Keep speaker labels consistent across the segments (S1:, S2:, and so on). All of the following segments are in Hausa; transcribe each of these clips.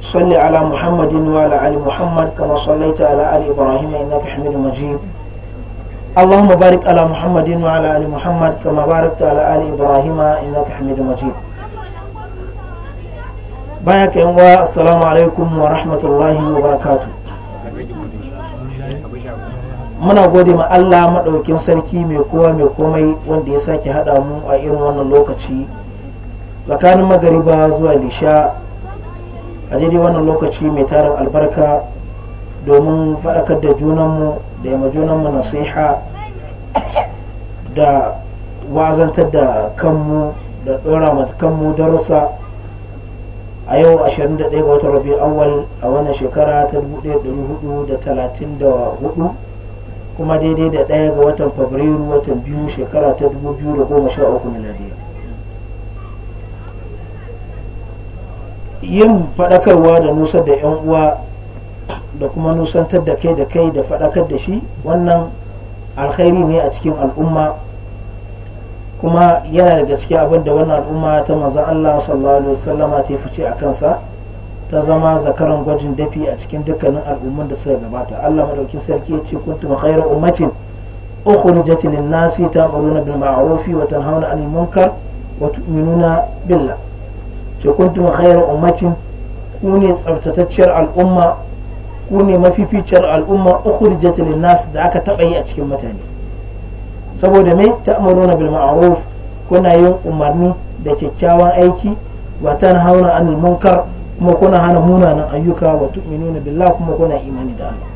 S1: صل على محمد وعلى آل محمد كما صليت على آل إبراهيم إنك حميد مجيد اللهم بارك على محمد وعلى آل محمد كما باركت على آل إبراهيم إنك حميد مجيد بارك يا السلام عليكم ورحمة الله وبركاته muna gode ma Allah maɗaukin sarki mai kowa mai komai wanda ya sake haɗa mu a irin wannan lokaci tsakanin magariba zuwa lisha a daidai wannan lokaci mai tarin albarka domin faɗakar da junanmu da yamma junanmu nasiha da wazantar da kanmu da ɗora mata kanmu darussa a yau 21 ga watan rabi awal a wannan shekara ta 1434 kuma daidai da 1 ga watan fabrairu watan biyu shekara ta 2013 miladi yin faɗakarwa da nusar da 'yan uwa da kuma nusantar da kai da kai da faɗakar da shi wannan alkhairi ne a cikin al'umma kuma yana da gaske abin da wannan al'umma ta manzan Allah sallallahu alaihi wasallam ta fice a kansa ta zama zakaran gwajin dafi a cikin dukkanin al'umman da suka gabata Allah madaukin sarki ya ce kuntum khairu ummatin ukhrijat lin-nasi ta'muruna bil ma'ruf wa tanhauna 'anil munkar wa tu'minuna billah ce kuntum khairu ummatin ku tsabtatacciyar al'umma ku ne mafificiyar al'umma ukhrijat lin-nas da aka taba yi a cikin mutane saboda me ta'muruna bil ma'ruf kuna yin umarni da kyakkyawan aiki wa tanhauna 'anil munkar kuma kuna hana munanan ayyuka wa tu'minuna billahi kuma kuna imani da Allah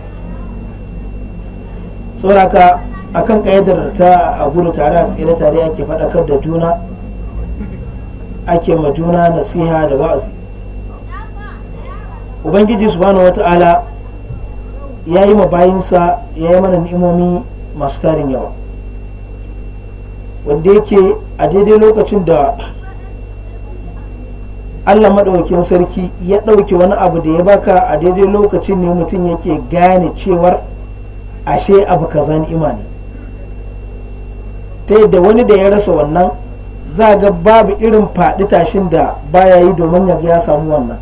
S1: saboda akan kayyadar ta a gudu tare a tsere tare ake faɗakar da juna ake ma juna nasiha da wa'azi ubangiji subhanahu ala ya yi ma bayinsa ya yi mana ni'imomi masu tarin yawa wanda yake a daidai lokacin da allah maɗaukin sarki ya ɗauke wani abu da ya baka a daidai lokacin ne mutum yake gane cewar ashe abu kaza ni'ima ne ta yadda wani da ya rasa wannan za ga babu irin faɗi tashin da baya yi domin ya ya samu wannan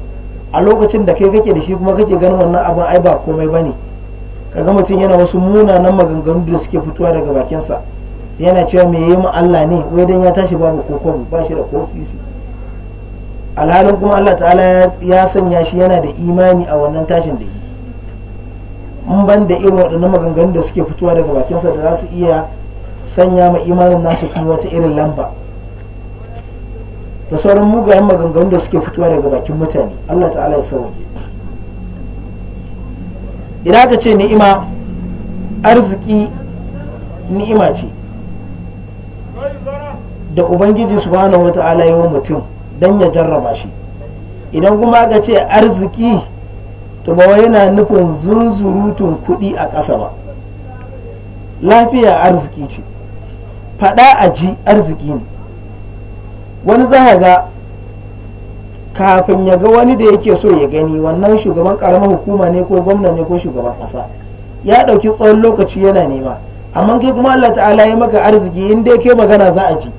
S1: a lokacin da kai kake da shi kuma kake ganin wannan abin ai ba komai ba ne kaga mutum yana wasu munanan maganganu da suke fitowa daga bakinsa yana cewa me yi Allah ne wai dan ya tashi babu kokon ba shi da kofisi alhalin kuma Allah ta'ala ya sanya shi yana da imani a wannan tashin da yi in ban da irin waɗannan maganganu da suke fitowa daga bakinsa da za su iya sanya ma imanin nasu kuma wata irin lamba da sauran mugayen maganganu da suke fitowa daga bakin mutane Allah ta'ala ya sauke idan aka ce ni'ima arziki ni'ima ce da ubangiji subhanahu wata'ala yi wa mutum don ya jarraba shi idan kuma aka ce arziki to ba yana nufin zunzurutun kuɗi a ƙasa ba lafiya arziki ce faɗa a ji arziki ne wani za ga kafin ya ga wani da yake so ya gani wannan shugaban karamar hukuma ne ko gwamna ne ko shugaban ƙasa ya ɗauki tsawon lokaci yana nema amma kai kuma Allah ta'ala ya maka arziki in dai kai magana za a ji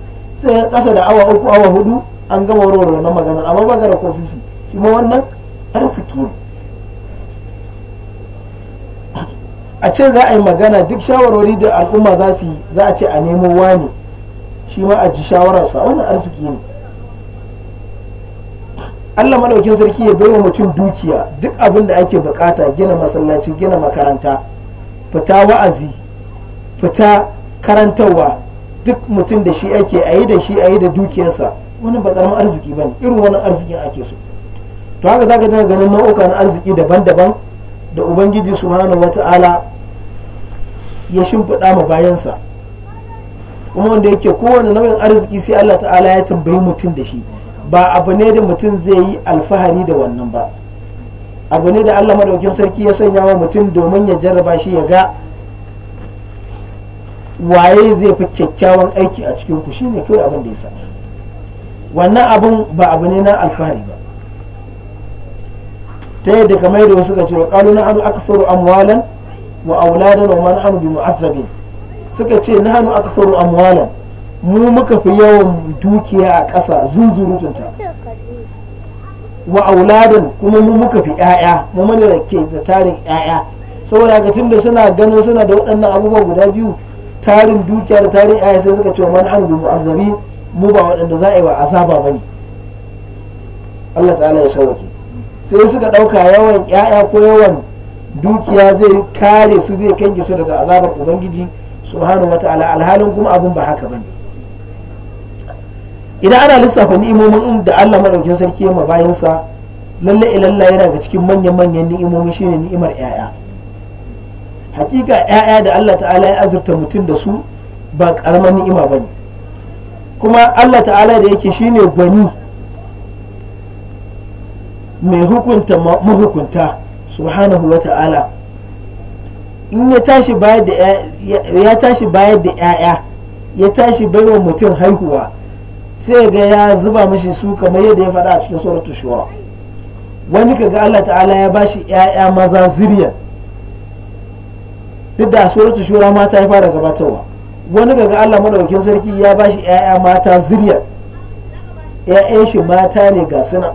S1: sai kasa da awa uku awa hudu an gama warware wannan magana amma ba gara ko shi ma wannan arziki a ce za a yi magana duk shawarwari da al'umma za yi za a ce a nemo wani shi ma a ji shawararsa wannan arziki ne Allah madaukin sarki ya baiwa mutum dukiya duk abin da ake bukata gina masallaci gina makaranta fita wa'azi fita karantarwa duk mutum da shi ake a yi da shi a yi da dukiyarsa wani ba karamin arziki bane irin wani arzikin ake so to haka za ka dinga ganin nau'uka na arziki daban-daban da ubangiji subhanahu wata'ala ya shimfiɗa ma bayansa kuma wanda yake kowane nau'in arziki sai Allah ta'ala ya tambayi mutum da shi ba abu ne da mutum zai yi alfahari da wannan ba abu ne da Allah madaukin sarki ya sanya wa mutum domin ya jarraba shi ya ga waye zai fi kyakkyawan aiki a cikin ku shine kawai abin da ya sami wannan abun ba abu ne na alfahari ba ta yadda kamar da wasu ga cewa kalu na aka akfaru amwalan wa auladan wa man bi mu'azzabin suka ce na hannu a amwalan mu muka fi yawan dukiya a ƙasa zunzurutunta wa auladin kuma mu muka fi 'ya'ya mu mana da ke da tarin 'ya'ya saboda ga tunda suna ganin suna da waɗannan abubuwa guda biyu tarin dukiya da tarin 'ya'ya sai suka ce mana an gumu azabi mu ba waɗanda za a yi wa azaba ba ne Allah ta'ala ya shawake sai suka ɗauka yawan 'ya'ya ko yawan dukiya zai kare su zai kange su daga azabar ubangiji subhanahu wa ta'ala, alhalin kuma abun ba haka bane idan ana lissafa ni'imomin da Allah madaukin sarki ya bayansa lalle ilalla yana ga cikin manyan manyan ni'imomi shine ni'imar yaya hakika yaya da Allah ta'ala ya azurta mutum da su ba karamar ni'ima bane kuma Allah ta'ala da yake shine gwani mai hukunta mahukunta subhanahu wa ta'ala in ya tashi bayar da ya tashi bayar da ƴaƴa ya tashi baiwa mutum haihuwa sai ga ya zuba mashi su kamar yadda ya faɗa a cikin suratul shura wani kaga Allah ta'ala ya bashi ƴaƴa maza zuriya duk da suratul shura mata ya fara gabatarwa wani kaga Allah madaukakin sarki ya bashi ƴaƴa mata zuriya ƴaƴan shi mata ne ga suna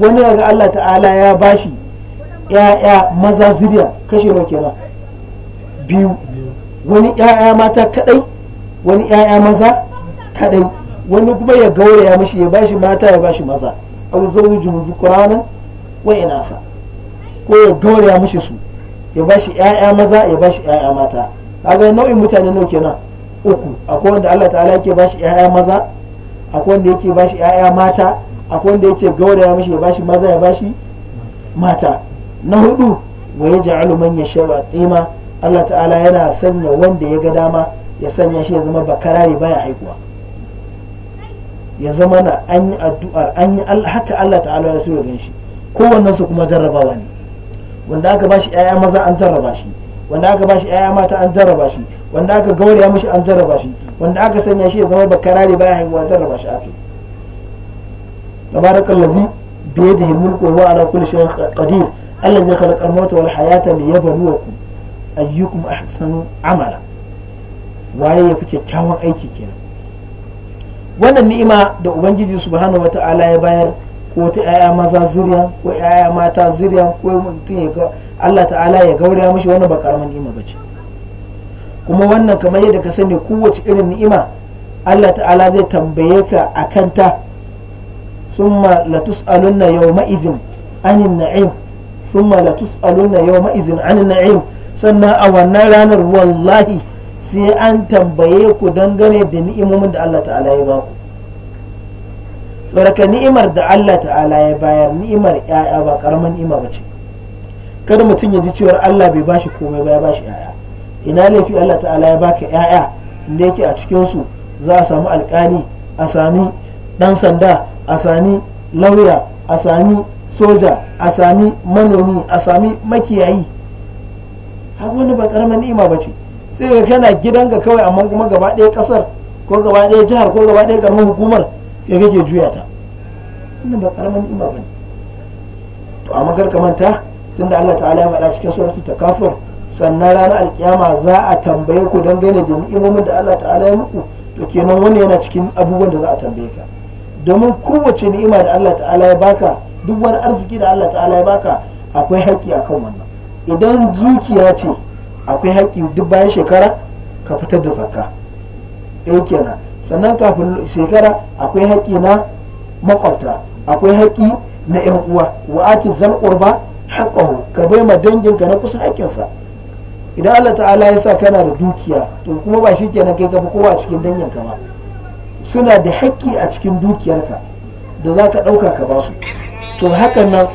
S1: wani kaga Allah ta'ala ya bashi 'ya'ya maza zuriya kashe nawa kenan biyu wani 'ya'ya mata kadai wani 'ya'ya maza kadai wani kuma ya ya mashi ya bashi mata ya bashi maza aw zawjun zukuranan wa nasa ko ya ya mashi su ya bashi 'ya'ya maza ya bashi 'ya'ya mata kaga nau'in mutane nawa kenan uku akwai wanda Allah ta'ala yake bashi 'ya'ya maza akwai wanda yake bashi 'ya'ya mata akwai wanda yake ya mashi ya bashi maza ya bashi mata na hudu wa ya aluman ya shewa tsima Allah ta'ala yana sanya wanda ya ga dama ya sanya shi ya zama bakarare baya haikuwa ya zama na an yi addu'ar an yi haka Allah ta'ala ya so ya ganshi kowannen su kuma jarrabawa ne wanda aka bashi ƴaƴa maza an jarraba shi wanda aka bashi ƴaƴa mata an jarraba shi wanda aka gauraya mishi an jarraba shi wanda aka sanya shi ya zama bakarare baya haihuwa jarraba shi ake tabarakallazi biyadihi mulku wa ala kulli shay'in qadir الذي خلق الموت والحياة ليبلوكم أيكم أحسن عملا waye ya fi kyakkyawan aiki kenan wannan ni'ima da ubangiji subhanahu wata'ala ya bayar ko ta yaya maza zuriya ko yaya mata zuriya ko mutum ya ga Allah ta'ala ya gauraya mishi wannan ba karamin ni'ima bace kuma wannan kamar yadda ka sani kowace irin ni'ima Allah ta'ala zai tambaye ka akan ta summa latus'alunna yawma idhin anin na'im ثم لتسألن يومئذ عن النعيم sannan a wannan ranar wallahi sai an tambaye ku dangane da ni'imomin da Allah ta'ala ya baku tsoraka ni'imar da Allah ta'ala ya bayar ni'imar ba ni'ima ba ce kada mutum ya ji cewar Allah bai bashi komai ba ya bashi ya'ya ina laifi Allah ta'ala ya baka ya'ya da yake a cikin su za a samu alkali a sami dan sanda a sami lauya a sami soja a sami manomi a sami makiyayi har wani ba karamin ni'ima ba ce sai ga kana gidanka kawai amma kuma gaba ɗaya ƙasar ko gaba ɗaya jihar ko gaba ɗaya ƙaramin hukumar ke kake juya ta wannan ba karamin ni'ima ba ne to amma kar ka manta tunda Allah ta'ala ya faɗa cikin suratul takafur sannan ranar alkiyama za a tambaye ku dangane da ni'imomin da Allah ta'ala ya muku to kenan wani yana cikin abubuwan da za a tambaye ka domin kowace ni'ima da Allah ta'ala ya baka duk wani arziki da Allah ta'ala ya baka akwai haƙƙi kan wannan idan dukiya ce akwai haƙƙi duk bayan shekara ka fitar da zakka ɗaya kenan sannan kafin shekara akwai haƙƙi na makwabta akwai haƙƙi na yan uwa wa ati zal qurba haƙƙahu ka bai ma danginka na kusan haƙƙinsa idan Allah ta'ala ya sa kana da dukiya to kuma ba shi kenan kai ka fi kowa a cikin danginka ba suna da haƙƙi a cikin dukiyarka da za ka ɗauka ka ba su to haka nan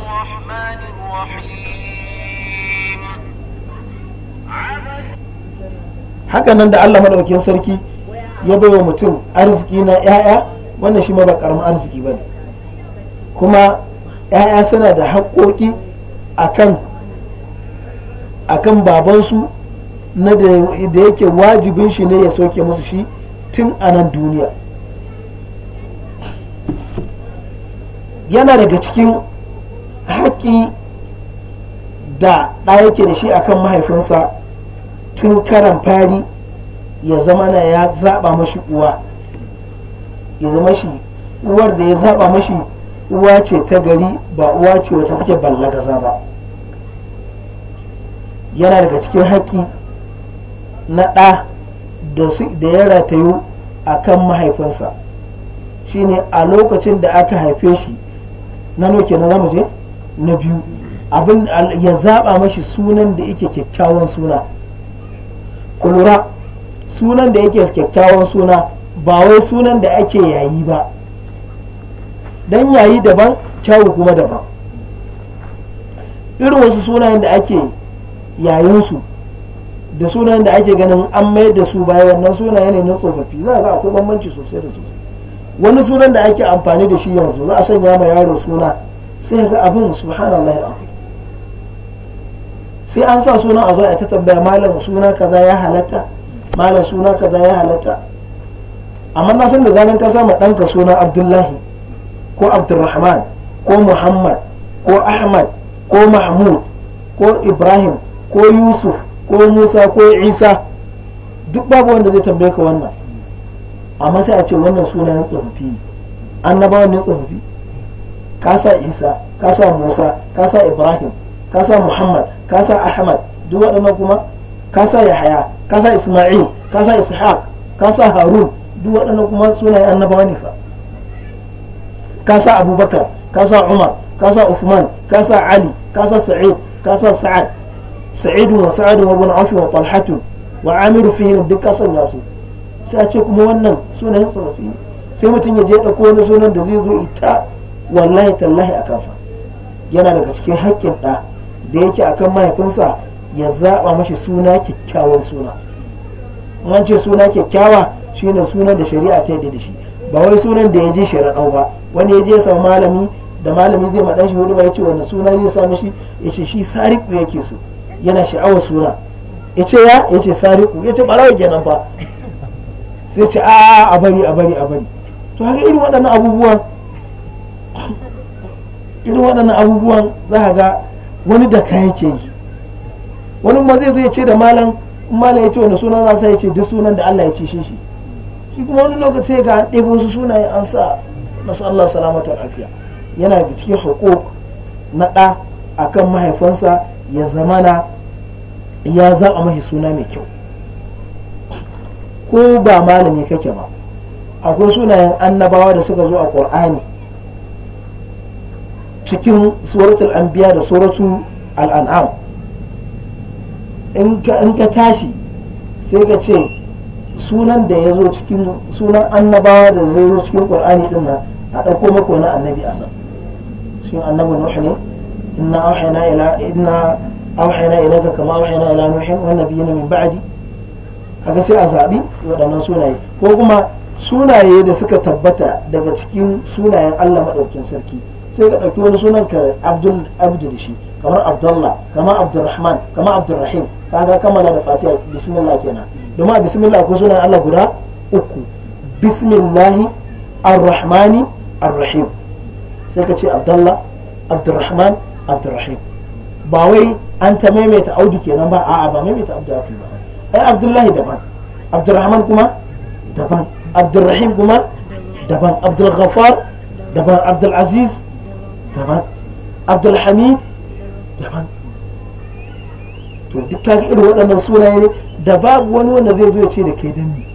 S1: haka nan da Allah maɗaukin sarki ya baiwa mutum arziki na 'ya'ya wannan shi ba karamin arziki ba ne kuma 'ya'ya suna da haƙoƙi a kan babansu na da yake wajibin shi ne ya soke musu shi tun anan duniya yana daga cikin haƙƙi da ɗa yake da shi akan mahaifinsa tun karan fari ya zama na ya zaɓa mashi uwa ya zama shi uwar da ya zaɓa mashi uwa ce ta gari ba uwa ce wacce take ballagaza ba yana daga cikin haƙƙi na ɗa da ya ratayu a kan mahaifinsa shine a lokacin da aka haife shi na no kenan zamu je na biyu abin ya zaba mashi sunan da yake kyakkyawan suna Kulura sunan da yake kyakkyawan suna ba wai sunan da ake yayi ba dan yayi daban kyawu kuma daban irin wasu sunayen da ake yayinsu da sunayen da ake ganin an mayar da su baya wannan sunaye ne na tsofaffi za a ga akwai bambanci sosai da sosai wani sunan da ake amfani da shi yanzu za a sanya ma yaro suna sai ga abin subhanallahi alazim sai an sa suna a zo a ta tambaya malam suna kaza ya halatta malam suna kaza ya halatta amma na san da zanen ka sama ɗanka suna abdullahi ko abdulrahman ko muhammad ko ahmad ko mahmud ko ibrahim ko yusuf ko musa ko isa duk babu wanda zai tambaye ka wannan amma sai a ce wannan suna na tsofaffi ne annabawan ne tsofaffi ka isa kasa musa kasa ibrahim ka muhammad ka sa ahmad duk waɗannan kuma ka yahaya kasa isma'il ka sa ishaq ka harun duk waɗannan kuma sunayen annabawa ne fa ka sa abubakar kasa umar kasa sa usman ka ali kasa sa'id kasa sa sa'ad sa'idu wa sa'adun wa ibn afi wa talhatu wa amiru fihi duk ka sanya su sai a ce kuma wannan sunayen tsofaffi sai mutum ya je ɗauko wani sunan da zai zo ita wallahi tallahi a kansa yana daga cikin haƙƙin ɗa da yake akan mahaifinsa ya zaɓa mashi suna kyakkyawan suna an ce suna kyakkyawa shine sunan da shari'a ta yadda da shi ba wai sunan da ya je shari'a ba wani ya je sau malami da malami zai maɗan shi hudu ba ya ce wani suna zai sa shi ya ce shi sariku yake so yana sha'awar suna ya ce ya ya ce sariku ya ce ɓarawa kenan ba. sai ce a a bari a bari a bari to haka irin waɗannan abubuwan irin waɗannan abubuwan za a ga wani da ka yake yi wani ma zai zo ya ce da malam in malam ya ce wani suna za su ya ce duk sunan da Allah ya ce shi shi shi kuma wani lokaci ga an ɗebo wasu sunaye an sa masu Allah salamatu al'afiya yana da cikin hukuk na ɗa akan mahaifansa ya zamana ya za a mahi suna mai kyau ko ba malami kake ba akwai sunayen annabawa da suka zo a ƙur'ani cikin suratul anbiya da suratul al'an'am in ka tashi sai ka ce sunan da ya zo cikin sunan annabawa da zai zo cikin ƙur'ani din nan a ɗauko maka wani annabi a san cikin annabi nuhu ne inna auhayna ila inna auhayna ilayka kama auhayna ila nuhu nuhin wa nabiyina min ba'di kaga sai a zaɓi waɗannan sunaye ko kuma sunaye da suka tabbata daga cikin sunayen Allah maɗaukin sarki sai ka ɗauki wani sunan ka abdul abdu da shi kamar abdullah kamar abdurrahman kamar abdurrahim kaga kamala da fatiha bismillah kenan domin a bismillah ko sunan Allah guda uku bismillah arrahmani arrahim sai ka ce abdullah abdurrahman abdurrahim ba wai an ta maimaita audu kenan ba a'a ba maimaita abdu ba ai eh, abdullahi daban abdurrahman kuma daban abdurrahim kuma daban abdulghafar daban abdulaziz daban abdulhamid daban to duk ga irin waɗannan sunaye ne da babu wani wanda zai zo ya ce da ke ni.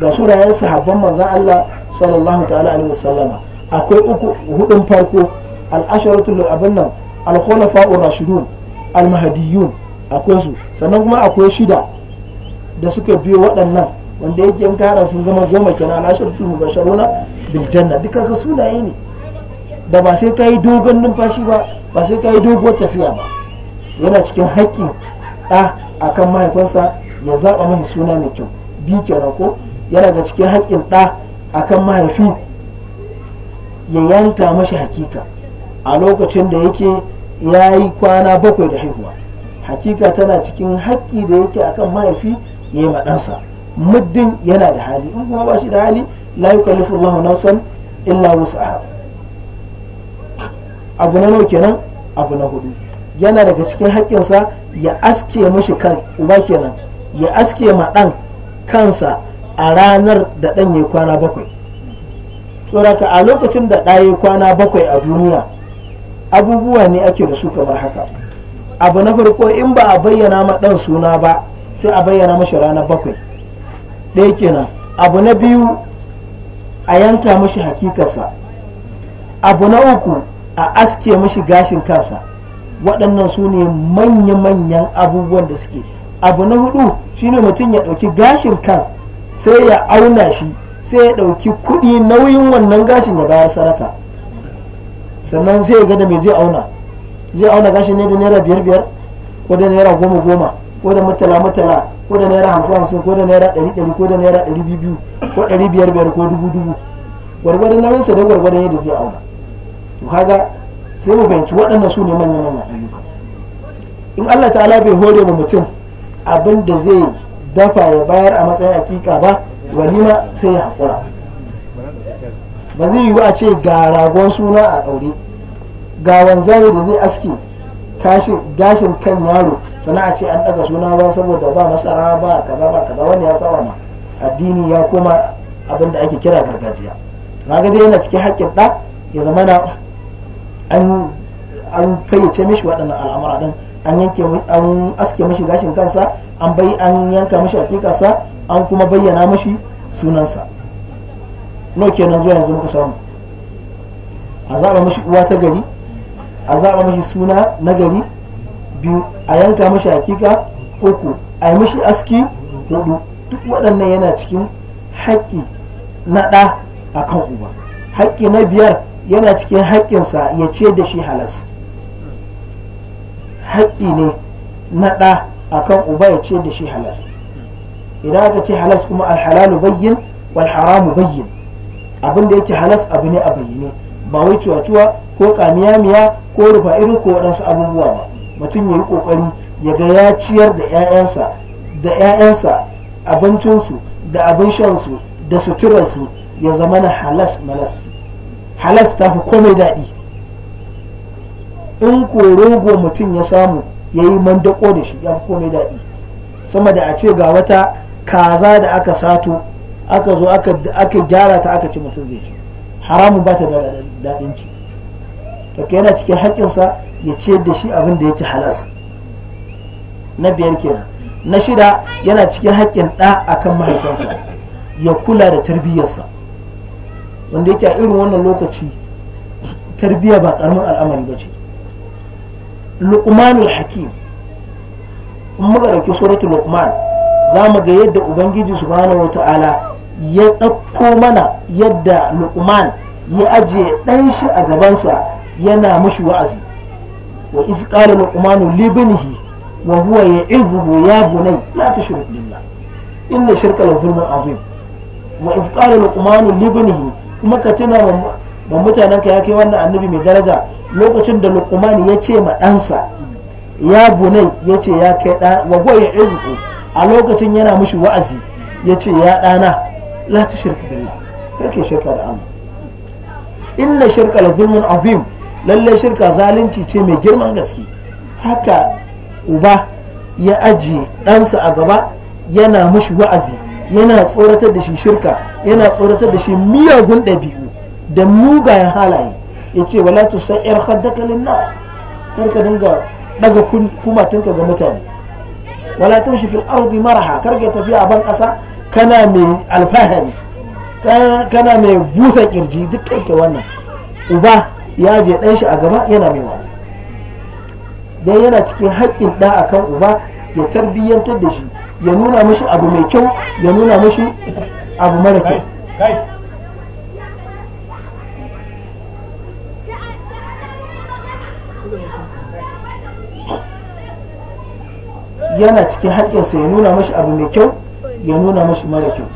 S1: ga sunayen sahabban manzan Allah sallallahu ta'ala alaihi wasallama akwai uku hudun farko al-asharatul abin nan al-khulafa'ur rashidun al akwai su sannan kuma akwai shida da suka biyo waɗannan wanda yake in kara sun zama goma kenan na shirtu mubasharuna bil janna duka ka sunaye ne da ba sai ka dogon numfashi ba ba sai ka yi tafiya ba yana cikin haƙƙi ɗa akan mahaifinsa ya zaɓa mai suna mai kyau bi kenan ko yana da cikin haƙƙin ɗa akan mahaifi ya yanka mashi hakika a lokacin da yake ya yi kwana bakwai da haihuwa hakika tana cikin haƙƙi da yake akan mahaifi ya yi maɗansa muddin yana da hali in kuma ba shi da hali la yukallifu Allahu nafsan illa wus'aha abu na nauke kenan abu na hudu yana daga cikin haƙƙinsa ya aske mashi kan uba kenan ya aske ma ɗan kansa a ranar da ɗan ya kwana bakwai tsoraka a lokacin da ɗaya kwana bakwai a duniya abubuwa ne ake da su kamar haka abu na farko in ba a bayyana ma dan suna ba sai a bayyana mashi rana bakwai ɗaya kenan abu na biyu a yanka mashi hakikarsa abu na uku a aske mashi gashin kansa waɗannan su ne manya-manyan abubuwan da suke abu na hudu shine mutum ya ɗauki gashin kan sai ya auna shi sai ya ɗauki kuɗi nauyin wannan gashin ya bayar sarata sannan sai ya ga da mai zai auna zai auna gashi ne da naira biyar biyar ko da naira goma goma ko da mutala mutala ko da naira hamsin hamsin ko da naira ɗari ɗari ko da naira ɗari biyu biyu ko ɗari biyar biyar ko dubu dubu gwargwadon sa da gwargwadon yadda zai auna to kaga sai mu fahimci waɗannan su ne manyan manyan ayyuka in Allah ta'ala bai hore ba mutum abin da zai dafa ya bayar a matsayin hakika ba walima sai ya haƙura ba zai yiwu a ce ga ragon suna a ɗaure ga wanzami da zai aske gashin kan yaro sana'a ce an daga suna ba saboda ba masara ba kaza ba kaza wani ya saba ma addini ya koma abin da ake kira gargajiya ga dai yana cikin haƙƙin ɗa ya zama na an fayyace mishi waɗannan al'amura din an yanke an aske mishi gashin kansa an bai an yanka mishi hakikarsa an kuma bayyana mishi sunansa no kenan zuwa yanzu muka samu a zaɓa mishi uwa ta gari a zaba mashi suna nagari biyu a yanka mashi hakika uku a yi mashi aski hudu duk waɗannan yana cikin haƙƙi na ɗa a kan uba haƙƙi na biyar yana cikin haƙƙinsa ya ce da shi halas haƙƙi ne na ɗa a kan uba ya ce da shi halas idan aka ce halas kuma alhalalu bayyin walharamu bayyin abin da yake halas abu ne a bayyane ba wai cuwa-cuwa ko ƙamiya-miya ko rufa ido ko waɗansu abubuwa ba mutum ya yi ƙoƙari ya ga ya ciyar da 'ya'yansa da 'ya'yansa abincinsu da abin shansu da suturarsu ya zama na halas malas halas ta fi komai daɗi in ko rogo mutum ya samu ya yi mandako da shi ya fi komai daɗi sama da a ce ga wata kaza da aka sato aka zo aka gyara ta aka ci mutum zai ci haramun ba ta da daɗin ci kake yana cikin haƙƙinsa ya ce da shi abin da yake halas na biyar kenan na shida yana cikin haƙƙin ɗa akan mahaifinsa ya kula da tarbiyyarsa wanda yake a irin wannan lokaci tarbiyya ba ƙaramin al'amari ba ce luqmanul hakim in muka ɗauki suratul luqman za mu ga yadda ubangiji subhanahu ta'ala ya ɗauko mana yadda luqman ya ajiye ɗan shi a gabansa yana mashi wa'azi wa iz qala luqman li ibnihi wa huwa ya'izuhu ya bunay la tushrik billah inna shirka la zulmun azim wa iz qala luqman li ibnihi kuma ka tuna ba mutanen ka ya kai wannan annabi mai daraja lokacin da luqman ya ce ma ɗansa ya bunay ya ce ya kai ɗa wa huwa ya'izuhu a lokacin yana mashi wa'azi ya ce ya ɗana la tushrik billah kake shirka da Allah inna shirka la zulmun azim lalle shirka zalunci ce mai girman gaske haka uba ya ajiye ɗansa a gaba yana mushi wa'azi yana tsoratar da shi shirka yana tsoratar da shi miyagun ɗabi'u da mugayen halaye ya ce wala tu yar haddaka nas kar ka dinga daga kumatinka ga mutane wala shi fil ardi maraha kar ka tafi a ban ƙasa kana mai alfahari kana mai busa kirji duk karfe wannan uba ya je dan shi a gaba yana mai wasa dan yana cikin haƙƙin ɗa akan uba ya tarbiyyantar da shi ya nuna mashi abu mai kyau ya nuna mashi abu mara kyau yana cikin haƙƙinsa ya nuna mashi abu mai kyau ya nuna mashi mara kyau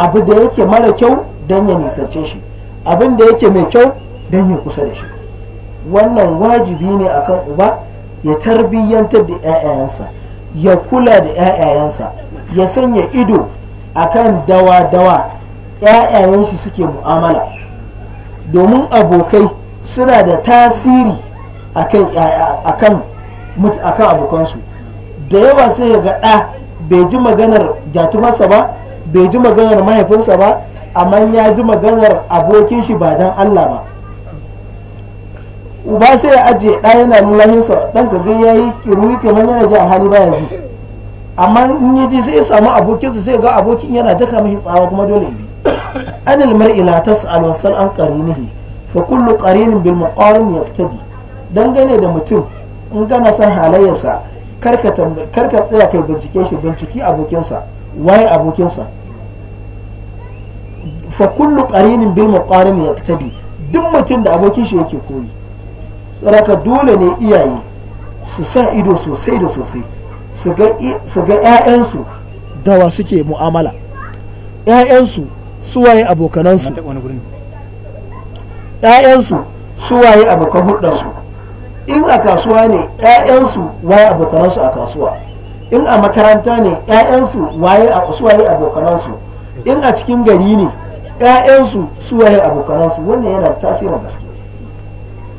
S1: abu da yake mara kyau don ya nisance shi abin da yake mai kyau don ya kusa da shi wannan wajibi ne akan uba ya tarbiyyantar da 'ya'yansa, ya kula da 'ya'yansa, ya sanya ido akan dawa-dawa 'ya'yansu suke mu'amala domin abokai suna da tasiri akan abokansu da yawa sai ga ɗa bai ji maganar jatumarsa ba bai ji maganar mahaifinsa ba amma ya ji maganar abokin shi ba dan Allah ba uba sai ya ajiye ɗa yana lulahinsa ɗan ga ya yi kiruri kamar yana ji a hali baya ji amma in yi ji sai ya samu abokinsa sai ga abokin yana daka mashi tsawa kuma dole ne. anil mar'i la tas'al wa sal an qarinihi fa kullu qarin bil muqarin yaqtadi dangane da mutum in gana san halayyarsa karka karka tsaya kai bincike shi binciki abokinsa waye abokinsa fa kullu qarinin bil muqarin yaqtadi duk mutum da abokin shi yake koyi saraka dole ne iyaye su sa ido sosai da sosai su ga da wa suke mu'amala su waye abokanansu su waye abokan hudansu in a kasuwa ne ƴaƴansu waye abokanansu a kasuwa in a makaranta ne 'ya'yansu waye a suwaye abokanansu in a cikin gari ne 'ya'yansu suwaye abokanansu wannan yana da tasirin gaske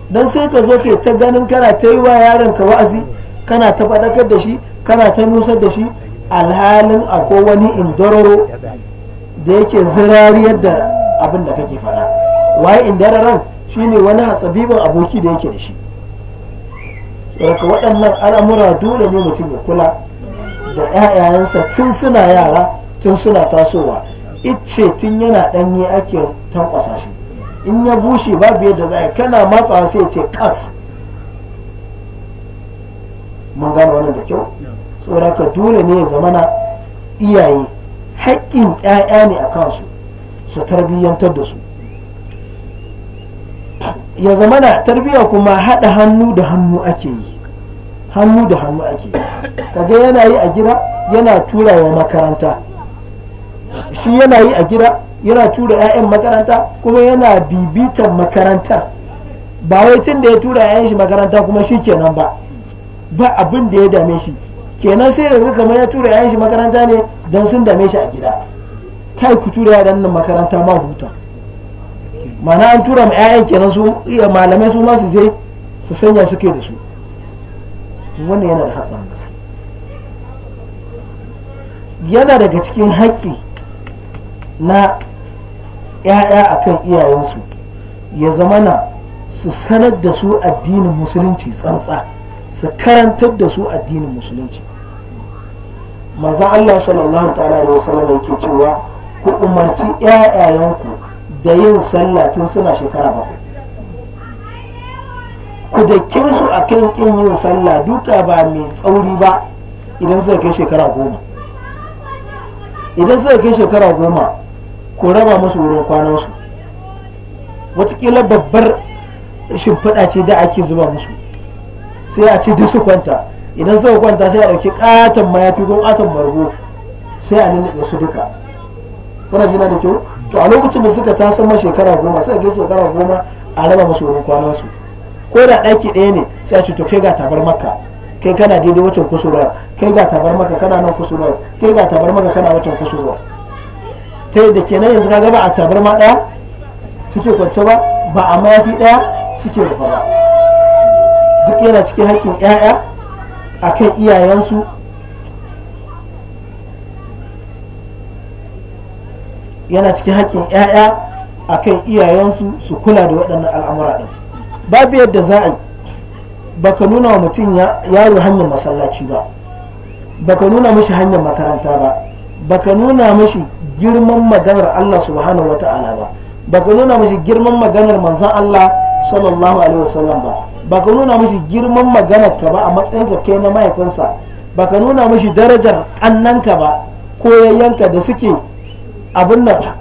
S1: don sai ka zo ke ta ganin kana ta yi wa yaron ka wa'azi kana ta faɗakar da shi kana ta nusar da shi alhalin akwai wani indararo da yake zirariyar da abin da kake faɗa waye shi shine wani hatsabibin aboki da yake da shi daga waɗannan al'amura dole ne mutum ya kula da 'ya'yayansa tun suna yara tun suna tasowa icce tun yana ɗanye ake tankwasa shi in ya bushe babu yadda za a kana matsawa sai ce kas mun gano wannan da kyau ka dole ne ya zamana iyaye haƙƙin 'ya'ya ne a kansu su tarbiyyantar da su ya zamana tarbiyya kuma haɗa hannu da hannu ake yi hannu da hannu ake kaga yana yi a gida yana tura wa makaranta shi yana yi a gida yana tura 'ya'yan makaranta kuma yana bibitan makaranta ba wai tun da ya tura 'ya'yan shi makaranta kuma shi kenan ba ba abin da ya dame shi kenan sai ga kamar ya tura 'ya'yan shi makaranta ne don sun dame shi a gida kai ku tura yaran nan makaranta ma huta mana an tura ma 'ya'yan kenan su malamai su ma su je su sanya suke da su wannan yana da hatsarin gaske yana daga cikin haƙƙi na 'ya'ya akan iyayensu ya zama na su sanar da su addinin musulunci tsantsa su karantar da su addinin musulunci Maza Allah sallallahu ta'ala da wasallam yake cewa ku umarci 'ya'yayanku da yin sallah suna shekara bakwai ku dake su a kan kin yin sallah duka ba mai tsauri ba idan suka kai shekara goma idan suka kai shekara goma ku raba musu wurin kwanansu watakila babbar shimfiɗa ce da ake zuba musu sai a ce su kwanta idan suka kwanta sai a ɗauki ƙaton mayafi ko ƙaton bargo sai a lullube su duka kuna jina da kyau to a lokacin da suka taso ma shekara goma suka kai shekara goma a raba musu wurin kwanansu ko da ɗaki ɗaya ne sai a ce to kai ga tabar maka kai kana daidai wacin kusurwa kai ga tabar maka kana nan kusurwa kai ga tabar maka kana wacin kusurwa ta yadda kenan yanzu ka gaba a tabar ma ɗaya suke kwance ba ba a mafi ɗaya suke rufa ba duk yana cikin haƙƙin ƴaƴa a kan iyayensu yana cikin haƙƙin ƴaƴa a kan iyayensu su kula da waɗannan al'amura ɗin babu yadda za a yi baka nuna wa mutum yaro hanyar masallaci ba baka nuna mashi hanyar makaranta ba ka nuna mashi girman maganar Allah subhanahu wa ta'ala ba baka nuna mashi girman maganar manzan Allah sallallahu alaihi wasallam ba baka nuna mashi girman maganar ka ba a matsayin ka kai na mahaifinsa baka nuna mashi darajar ƙannanka ba ko yayyanka da suke abin nan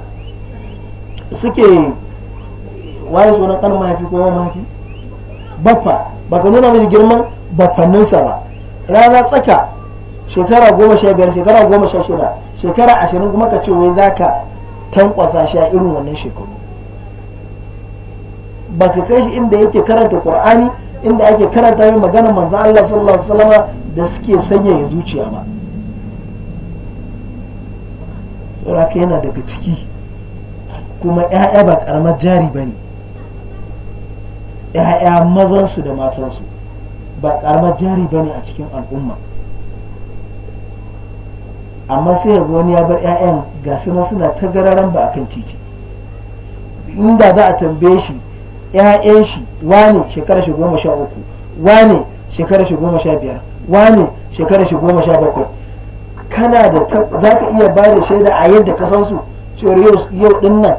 S1: suke waye sunan kan mahaifi ko mahaifi baffa ba ka nuna mishi girman baffanninsa ba rana tsaka shekara goma sha biyar shekara goma sha shida shekara ashirin kuma ka ce wai za ka tankwasa sha irin wannan shekaru ba ka kai shi inda yake karanta qur'ani inda ake karanta mai magana manzo Allah sallallahu alaihi wasallam da suke sanya zuciya ba saboda yana daga ciki kuma ƴaƴa ba karamar jari ba ne. 'ya'ya mazansu da matansu ba karamar jari ba ne a cikin al'umma amma sai ya wani ya bar 'ya'yan ga suna suna ta gararan ba akan titi inda za a tambaye shi 'ya'yan shi wane shekara shi goma sha uku wane shekara shi goma sha biyar wane shekara shi goma sha bakwai kana da za ka iya ba da shaida a yadda ka san su cewar yau din nan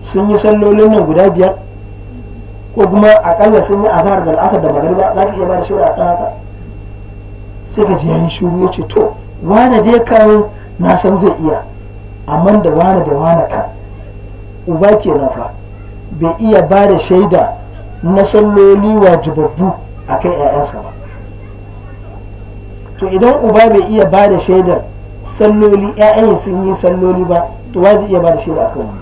S1: sun yi sallolin nan guda biyar ko kuma akalla sun yi azhar da al'asar da magariba za ka iya ba da shura akan haka sai ka ji yayin shuru ya ce to wane dai kan na san zai iya amma da wane da wane ka uba kenan fa bai iya ba da shaida na salloli wajibabbu a kan ƴaƴansa ba to idan uba bai iya ba da shaidar salloli 'ya'yan sun yi salloli ba to wa iya ba da shaida a kan wani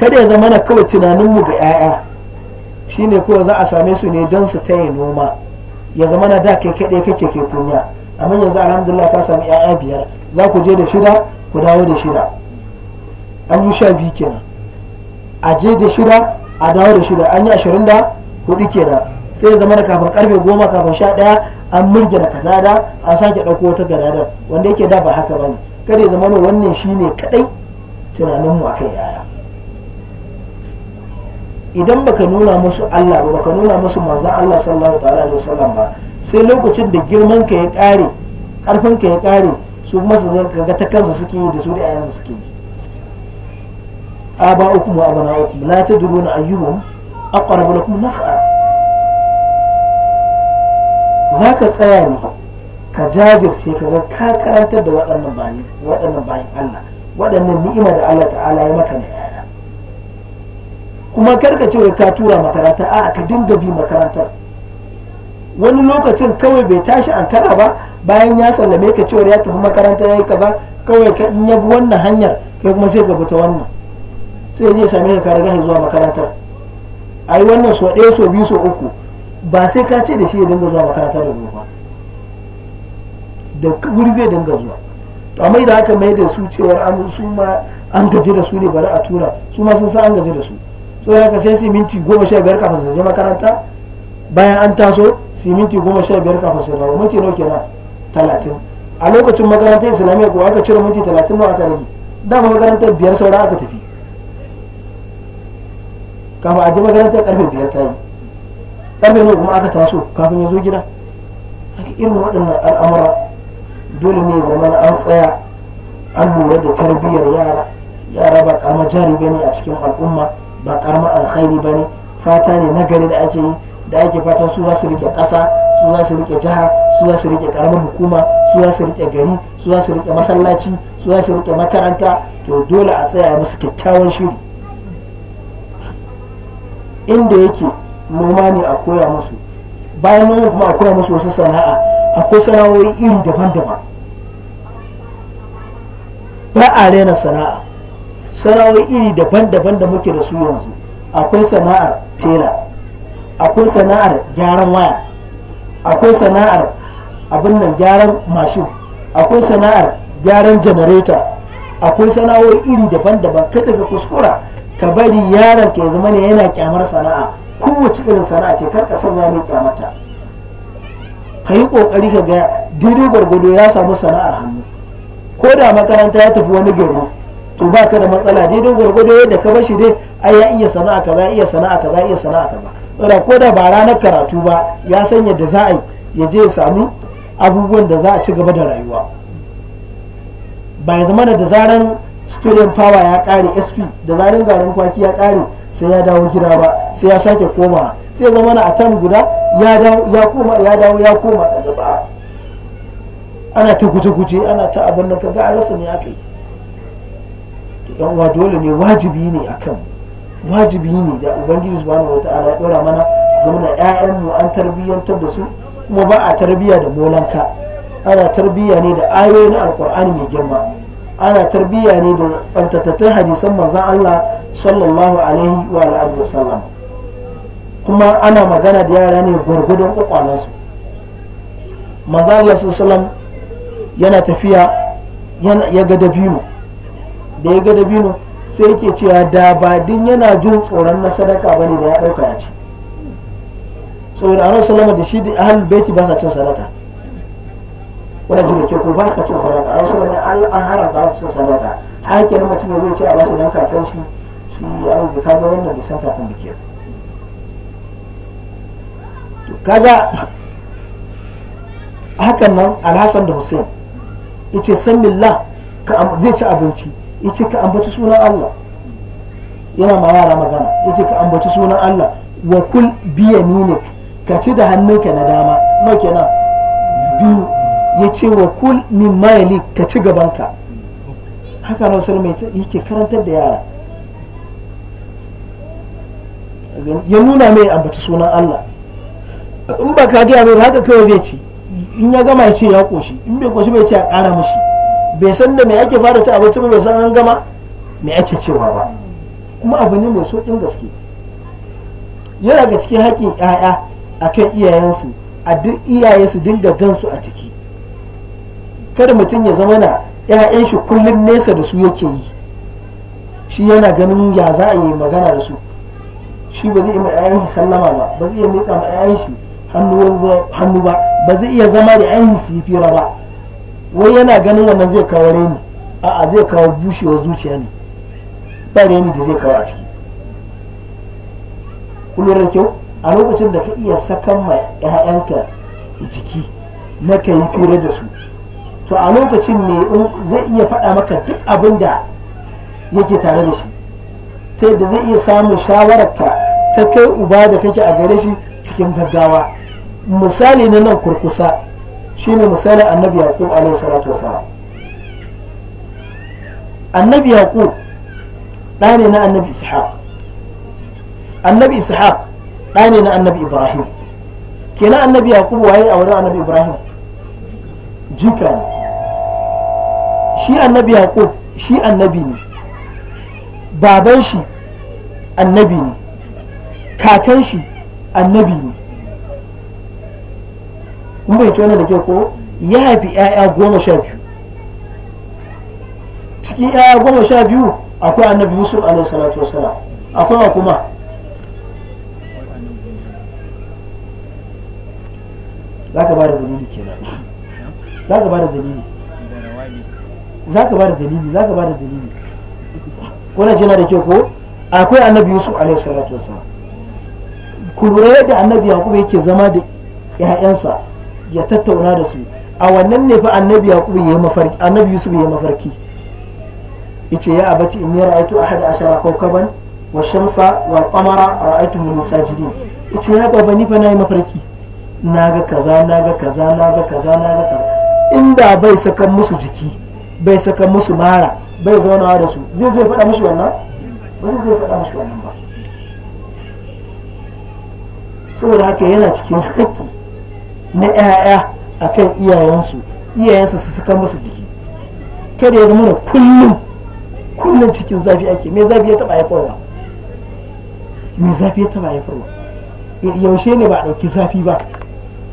S1: kada ya zama na kawai tunaninmu ga 'ya'ya shine kuwa za a same su ne don su ta yi noma ya zama na da kai kaɗai kake ke kunya amma yanzu alhamdulillah ka sami 'ya'ya biyar za ku je da shida ku dawo da shida an yi sha biyu kenan a je da shida a dawo da shida an yi ashirin da hudu kenan sai ya zama na kafin karfe goma kafin sha ɗaya an da kasada an sake ɗauko wata gadadar wanda yake da ba haka ba ne kada ya zama wannan shine kaɗai tunaninmu akan 'ya'ya idan baka nuna musu Allah ba baka nuna musu manzan Allah sallallahu ta'ala alaihi wasallam ba sai lokacin da girman ka ya kare karfin ka ya kare su kuma su ga ta kansa suke yi da su da ayansu suke yi aba ukum wa abana ukum la tadruna ayyuhum aqrabu lakum naf'a zaka tsaya ne ka jajirce ka ga ka karantar da waɗannan bayan waɗannan bayan Allah waɗannan ni'ima da Allah ta'ala ya maka ne kuma karka ce ka tura makaranta a ka dinga bi makarantar wani lokacin kawai bai tashi an ankara ba bayan ya sallame ka cewar ya tafi makaranta ya yi kaza kawai ka in yabi wannan hanyar kai kuma sai ka fita wannan sai ya je same ka riga zuwa makarantar a yi wannan so ɗaya so biyu so uku ba sai ka ce da shi ya dinga zuwa makaranta da gobe da wuri zai dinga zuwa to amma idan aka mai da su cewar an su ma an gaji da su ne bari a tura su ma sun san an gaji da su so haka sai su minti goma sha biyar kafin su je makaranta bayan an taso su minti goma sha biyar kafin su dawo minti nawa kenan talatin a lokacin makarantar islamiyya ko aka cire minti talatin nawa aka rage dama makarantar biyar saura aka tafi kafin a je makarantar karfe biyar ta yi karfe nawa kuma aka taso kafin ya zo gida haka irin waɗannan al'amura dole ne zama an tsaya an lura da tarbiyyar yara yara ba kama jari bane a cikin al'umma ba karamar alkhairi ba ne fata ne na gari da ake yi da ake fatan su za su rike ƙasa su za su rike jiha su za su rike karamar hukuma su za su rike gari su za su rike masallaci su za su rike makaranta to dole a tsaya musu kyakkyawan shiri inda yake noma ne a koya musu bayan noma kuma a koya musu wasu sana'a akwai sana'o'i iri daban-daban ba a rena sana'a sana'o'i iri daban-daban da muke da su yanzu akwai sana'ar tela akwai sana'ar gyaran waya akwai sana'ar abin nan gyaran mashin akwai sana'ar gyaran janareta akwai sana'o'i iri daban-daban kada ka kuskura ka bari yaron ka ya zama ne yana kyamar sana'a kowace irin sana'a ce kar ka sanya mai kyamata ka yi kokari ka ga daidai gwargwado ya samu sana'ar hannu ko da makaranta ya tafi wani gari to ba ka da matsala dai don gwargwado yadda ka bashi dai ai ya iya sana'a kaza iya sana'a kaza iya sana'a kaza ko da ba ranar karatu ba ya san yadda za a yi ya je ya samu abubuwan da za a ci gaba da rayuwa ba ya zama da zaran student power ya kare sp da zaran garin kwaki ya kare sai ya dawo gida ba sai ya sake koma sai ya zama na a tan guda ya ya koma ya dawo ya koma daga ba ana ta guje-guje ana ta abin da ka ga a rasa ne aka yi yan uwa dole ne wajibi ne akan wajibi ne da ubangiji subhanahu wata ya ɗora mana zamana ƴaƴan mu an tarbiyyantar da su kuma ba a tarbiyya da molanka ana tarbiyya ne da ayoyin alkur'ani mai girma ana tarbiyya ne da tsaftatattun hadisan manzan Allah sallallahu alaihi wa alihi kuma ana magana da yara ne gwargwadon kwakwalansu manzan Allah sallallahu yana tafiya ya ga dabino da ya ga biyu sai yake cewa da ba din yana jin tsoron na sadaka bane da ya dauka ya ci saboda annabi salama da shi da ahlul baiti ba sa cin sadaka wani jira ke ko ba sa cin sadaka annabi sallama an haramta da su cin sadaka haka ne mutum zai ce a ba shi dan kakan shi shi ya rubuta ga wannan bai san kakan biki to kaga hakan nan alhassan da hussein yace san millah zai ci abinci yace ka ambaci sunan Allah yana ma yara magana yace ka ambaci sunan Allah wa kul yaminik ka ci da hannunka na dama no kenan biyu yace wa kul min mayali ka ci gabanka haka na wasu mai yake karantar da yara ya nuna mai ambaci sunan Allah in ba ka gaya mai haka kawai zai ci in ya gama ya ce ya koshi in bai koshi bai ce ya kara mashi bai san da me ake fara ci abinci ba bai san an gama me ake cewa ba kuma abu ne mai sauƙin gaske yana ga cikin haƙƙin 'ya'ya akan iyayensu a duk iyaye su dinga jan su a jiki kada mutum ya zama na 'ya'yan shi kullum nesa da su yake yi shi yana ganin ya za a yi magana da su shi ba zai iya 'ya'yan shi sallama ba ba zai iya miƙa 'ya'yan shi hannu ba ba zai iya zama da 'ya'yan shi fira ba wai yana ganin wannan zai kawo reni a'a zai kawo bushewar zuciya ne ba reni da zai kawo a ciki kullum kyau a lokacin da ka iya sakan ma 'ya'yanka jiki na ka yi fere da su to a lokacin ne zai iya faɗa maka duk abin da yake tare da shi ta yadda zai iya samun shawararka ta kai uba da kake a gare shi cikin gaggawa misali na nan kurkusa shine misalin annabi yaqub alaihi salatu wasalam annabi yaqub ɗa ne na annabi ishaq annabi ishaq ɗa ne na annabi ibrahim kenan annabi yaqub waye a wurin annabi ibrahim jika ne shi annabi yaqub shi annabi ne baban shi annabi ne kakan shi annabi ne mun bai tona da kyau ko ya haifi 'ya'ya goma sha biyu cikin 'ya'ya goma sha biyu akwai annabi yusuf alaihi salatu wasalam akwai wa kuma za ka ba da dalili kenan za ka ba da dalili za ka ba da dalili za ka ba da dalili kuna jina da kyau ko akwai annabi yusuf alaihi salatu wasalam ku lura yadda annabi yakubu yake zama da 'ya'yansa ya tattauna da su a wannan ne fa annabi yaqub ya mafarki annabi yusuf ya mafarki yace ya abati inni ra'aytu ahada ashara kawkaban wa shamsa wa qamara ra'aytuhum sajidin yace ya baba ni fa nayi mafarki naga kaza naga kaza naga kaza naga kaza inda bai saka musu jiki bai saka musu mara bai zaunawa da su zai zai faɗa musu wannan ba zai zai faɗa musu wannan ba saboda haka yana cikin haƙƙi na 'ya'ya akan iyayensu iyayensu su suka musu jiki kada ya zama kullum kullum cikin zafi ake me zafi ya taba haifarwa mai zafi ya taba haifarwa e, yaushe ne ba a ɗauki zafi ba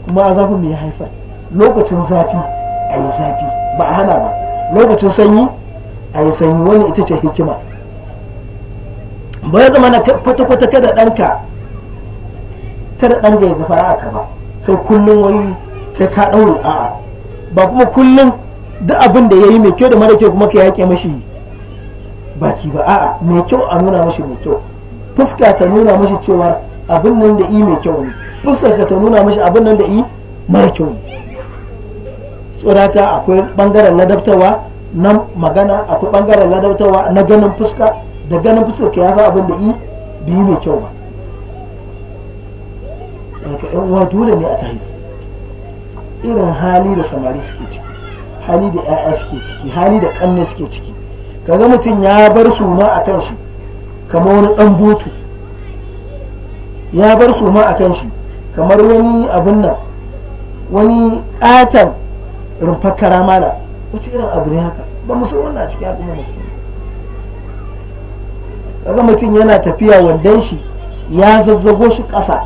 S1: kuma a zafin mai haifar lokacin zafi a yi zafi ba a hana ba lokacin sanyi a yi sanyi wani ita ce hikima ba ya zama na kwata-kwata kada ɗanka kada ɗanka ya zafa a ka ba to kullum wai kai ka ɗaure a'a ba kuma kullum da abin da ya yi mai kyau da mara kyau kuma ka yake mashi baki ba a'a mai kyau a nuna mashi mai kyau fuska ta nuna mashi cewa abin nan da yi mai kyau ne fuska ta nuna mashi abin nan da yi mara kyau ne tsoraka akwai bangaren ladabtawa na magana akwai bangaren ladabtawa na ganin fuska da ganin fuska ka yasa abin da mai kyau ba wato yan uwa dole ne a tahi irin hali da samari suke ciki hali da 'ya'ya suke ciki hali da kanne suke ciki kaga mutum ya bar suma a kan shi kamar wani dan botu ya bar suma a kan shi kamar wani abin nan wani katon rumfar karamala wace irin abu ne haka ba musamman na cikin al'umma musulmi kaga mutum yana tafiya wandan shi ya zazzago shi ƙasa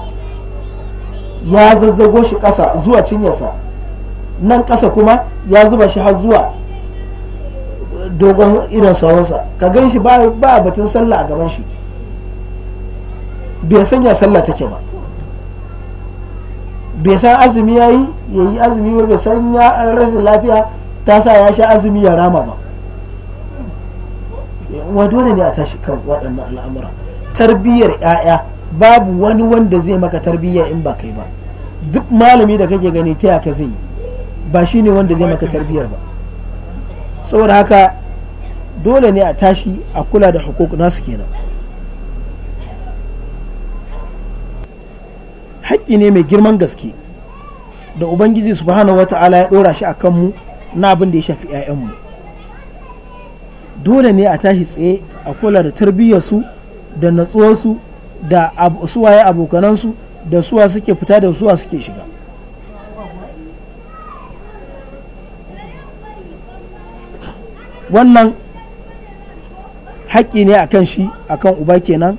S1: ya zazzago shi ƙasa zuwa cinyasa nan ƙasa kuma ya zuba shi har zuwa dogon irin sauransa ka gan shi ba batun sallah a gaban shi bai sanya sallah take ba bai san azumi ya yi ya yi azumi ba bai san ya rashin lafiya ta sa ya sha azumi ya rama ba wa dole ne a tashi kan waɗannan al'amura tarbiyyar 'ya'ya babu wani wanda zai maka tarbiyya in ba kai ba duk malami da kake gani ta ka zai ba shi ne wanda zai maka tarbiyyar ba saboda haka dole ne a tashi a kula da hukuku nasu kenan haƙƙi ne mai girman gaske da ubangiji subhanahu ala ya ɗora shi a kanmu na abin da ya shafi 'ya'yanmu dole ne a tashi tsaye a kula da tarbiyyarsu da natsuwarsu da suwaye abokanansu da suwa suke fita da suwa suke shiga wannan haƙƙi ne akan shi akan uba kenan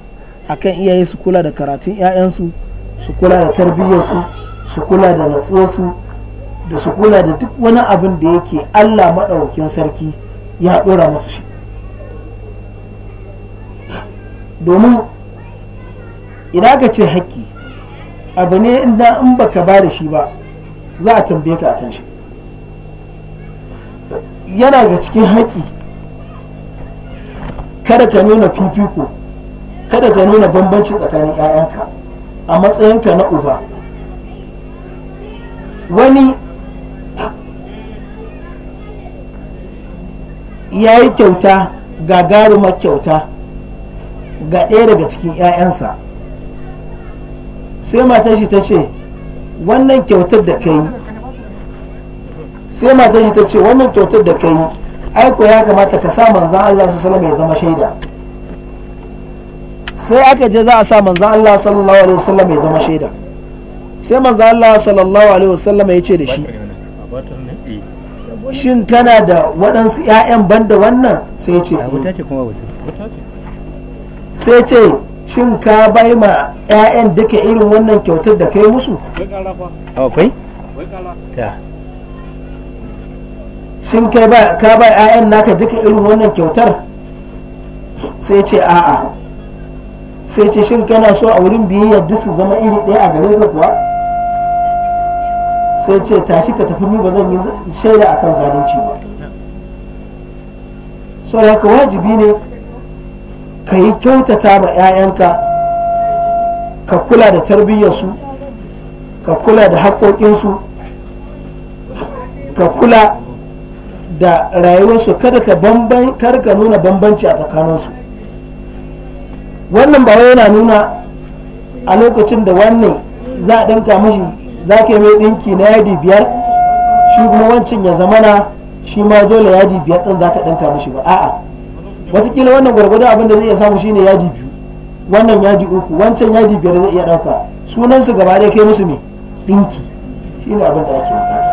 S1: akan iyaye su kula da karatun 'ya'yansu su kula da tarbiyyarsu su kula da natsuwarsu da su kula da duk wani abin da yake allah maɗaukin sarki ya ɗora musu shi domin ina aka ce haƙƙi abu ne inda in baka ba da shi ba za a tambaye ka akan shi yana ga cikin haƙƙi kada ka nuna fifiko kada ka nuna bambanci tsakanin 'ya'yanka a matsayinka na uba wani ya yi kyauta ga gagarumar kyauta ga ɗaya daga cikin 'ya'yansa sai matan shi ta ce wannan kyautar da kai sai matan shi ta ce wannan kyautar da kai aiko ya kamata ka sa manzan Allah su salama ya zama shaida sai aka je za a sa manzan Allah sallallahu alaihi wasallam ya zama shaida sai manzan Allah sallallahu alaihi wasallam ya ce da shi shin kana da waɗansu 'ya'yan banda wannan sai mm. ce sai ce shin ka bai ma 'ya'yan duka irin wannan kyautar da kai musu akwai ta shin ka ba 'ya'yan naka duka irin wannan kyautar sai ce a'a sai ce shin kana so a wurin biyayya yadda su zama iri ɗaya a gare ka kuwa sai ce tashi ka tafi ni ba zan yi shaida akan zalunci ba so haka wajibi ne ka yi kyautata ma 'ya'yanka ka kula da tarbiyyarsu ka kula da haƙoƙinsu ka kula da rayuwarsu kada ka kar ka nuna bambanci a tsakaninsu wannan ba yana nuna a lokacin da wannan za a ɗanka mashi za ka mai ɗinki na yadi biyar shi kuma wancan ya zamana shi ma dole yadi biyar ɗin za ka ɗanka mashi ba a'a watakila wannan gwargwadon abin da zai iya samu shine yadi biyu wannan yadi uku wancan yadi biyar zai iya ɗauka sunan su gaba ɗaya kai musu me ɗinki shine abin da ake bukata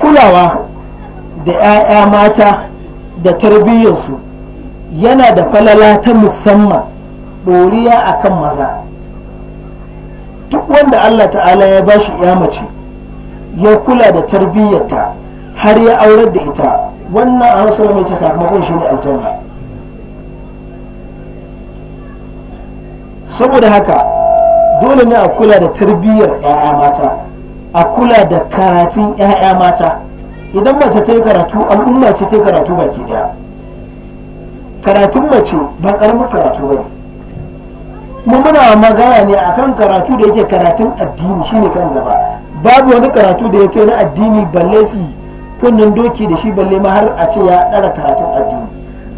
S1: kulawa da 'ya'ya mata da tarbiyyarsu yana da falala ta musamman ɗoriya a kan maza duk wanda allah ta'ala ya ba shi ya mace ya kula da tarbiyyarta har ya aurar da ita wannan a wasu mai sakamakon shi ne aljanna saboda haka dole ne a kula da tarbiyyar 'ya'ya mata a kula da karatun 'ya'ya mata idan mace ta yi karatu al'umma ce ta yi karatu baki daya karatun mace ba karamar karatu ba kuma muna magana ne akan karatu da yake karatun addini shine kan gaba babu wani karatu da yake na addini balle su kunnen doki da shi balle ma har a ce ya ɗara karatun addini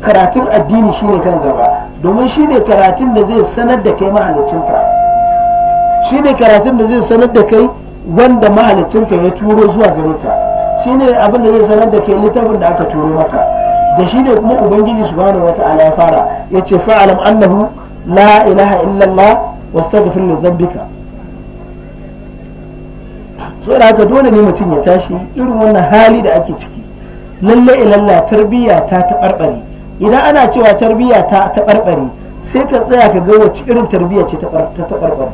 S1: karatun addini shi ne kan gaba domin shi ne karatun da zai sanar da kai mahalicinka shi ne karatun da zai sanar da kai wanda mahalicinka ya turo zuwa gare ka shi ne abin da zai sanar da kai littafin da aka turo maka da shi ne kuma ubangiji subhanahu wata'ala ya fara ya ce fa'alam annahu la ilaha illallah wastaghfir li dhanbika so da haka dole ne mutum ya tashi irin wannan hali da ake ciki lalle ilalla e tarbiyya ta taɓarɓare idan ana cewa tarbiyya ta taɓarɓare sai ka tsaya ka ga wacce irin tarbiyya ce ta taɓarɓare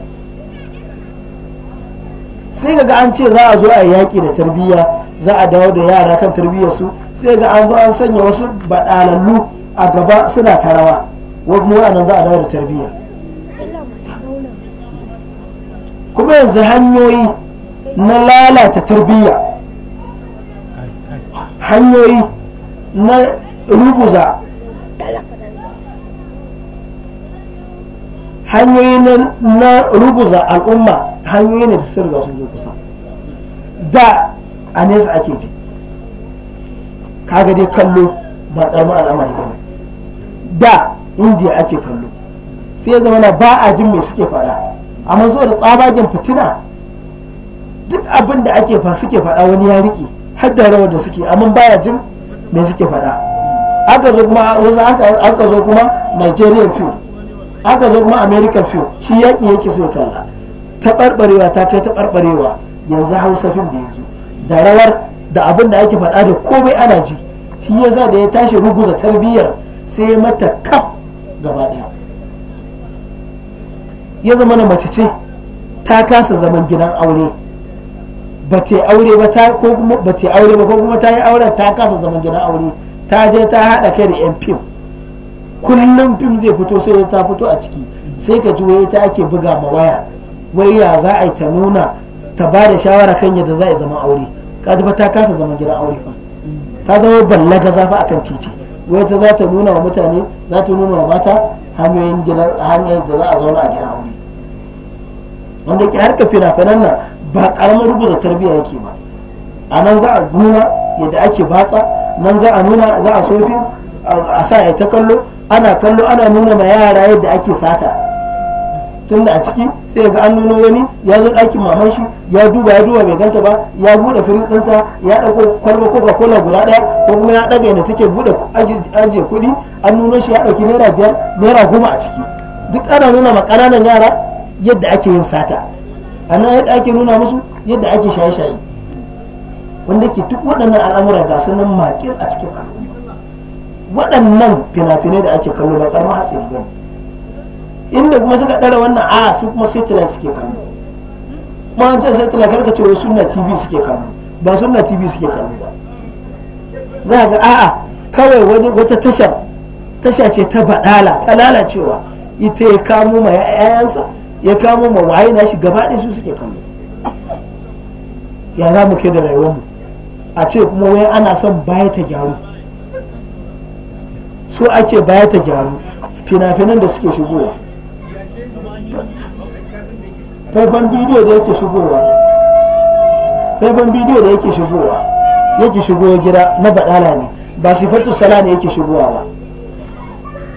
S1: sai ka ga an ce za a zo a yaƙi da tarbiyya za a dawo da yara kan tarbiyyar su sai ga an zo an sanya wasu baɗalallu a gaba suna karawa wani wa'annan za a dawo da tarbiyya kuma yanzu hanyoyi na lalata tarbiyya hanyoyi na ruguza hanyoyi na ruguza al'umma hanyoyi ne da sun riga sun zo kusa da a nesa ake ji kaga dai kallo ba ƙaramin al'amari ba da indiya ake kallo sai ya zama ba a jin mai suke faɗa amma zuwa da tsabagen fitina duk abin da ake fa suke faɗa wani ya riƙe har da rawar da suke amma baya jin me suke faɗa aka zo kuma wasu aka zo kuma Nigerian film aka zo kuma American film shi yaƙi yake so ya kalla taɓarɓarewa ta kai taɓarɓarewa yanzu Hausa fim da yanzu da rawar da abin da ake faɗa da komai ana ji shi yasa da ya tashi ruguza tarbiyyar sai ya mata kaf gaba ɗaya ya zama na mace ce ta kasa zaman gidan aure ba ta aure ba ko kuma ba ta kuma ta yi auren ta kasa zaman gidan aure ta je ta hada kai da yan fim kullum fim zai fito sai ta fito a ciki sai ka ji wai ta ake buga ma waya wai ya za a yi ta nuna ta ba da shawara kan yadda za a yi zaman aure ka ji ba ta kasa zaman gidan aure fa ta zama balla ballaga zafa akan titi wai ta za ta nuna wa mutane za ta nuna wa mata hanyoyin da za a zauna a gidan aure wanda ke harka fina-finan nan ba karamin rubuta tarbiyya yake ba a nan za a nuna yadda ake batsa nan za a nuna za a sofi a sa ya ta kallo ana kallo ana nuna ma yara yadda ake sata tunda a ciki sai ga an nuna wani ya zo ɗakin maman shi ya duba ya duba bai ganta ba ya buɗe firin ɗinta ya ɗauko kwalba ko cola guda ɗaya ko kuma ya ɗaga yadda take buɗe ajiye kuɗi an nuna shi ya ɗauki naira biyar naira goma a ciki duk ana nuna ma ƙananan yara yadda ake yin sata a nan yadda ake nuna musu yadda ake shaye-shaye wanda ke duk waɗannan al'amura ga su nan makil a cikin al'umma waɗannan fina-finai da ake kallo ba ƙarfin hatsi ba inda kuma suka ɗara wannan a su kuma satellite suke kallo kuma an ce satellite karka ce wai sunna tv suke kallo ba sunna tv suke kallo ba za ga a'a kawai wata tashar tasha ce ta baɗala ta lalacewa ita ya kamo ma 'ya'yansa ya kamo mu ai na shi gaba ɗaya su suke kallo ya za mu kai da rayuwarmu a ce kuma wai ana son baya ta gyaru so ake baya ta gyaru fina-finan da suke shigowa faifan bidiyo da yake shigowa faifan bidiyo da yake shigowa yake shigo gida na baɗala ne ba sifatu sala ne yake shigowa ba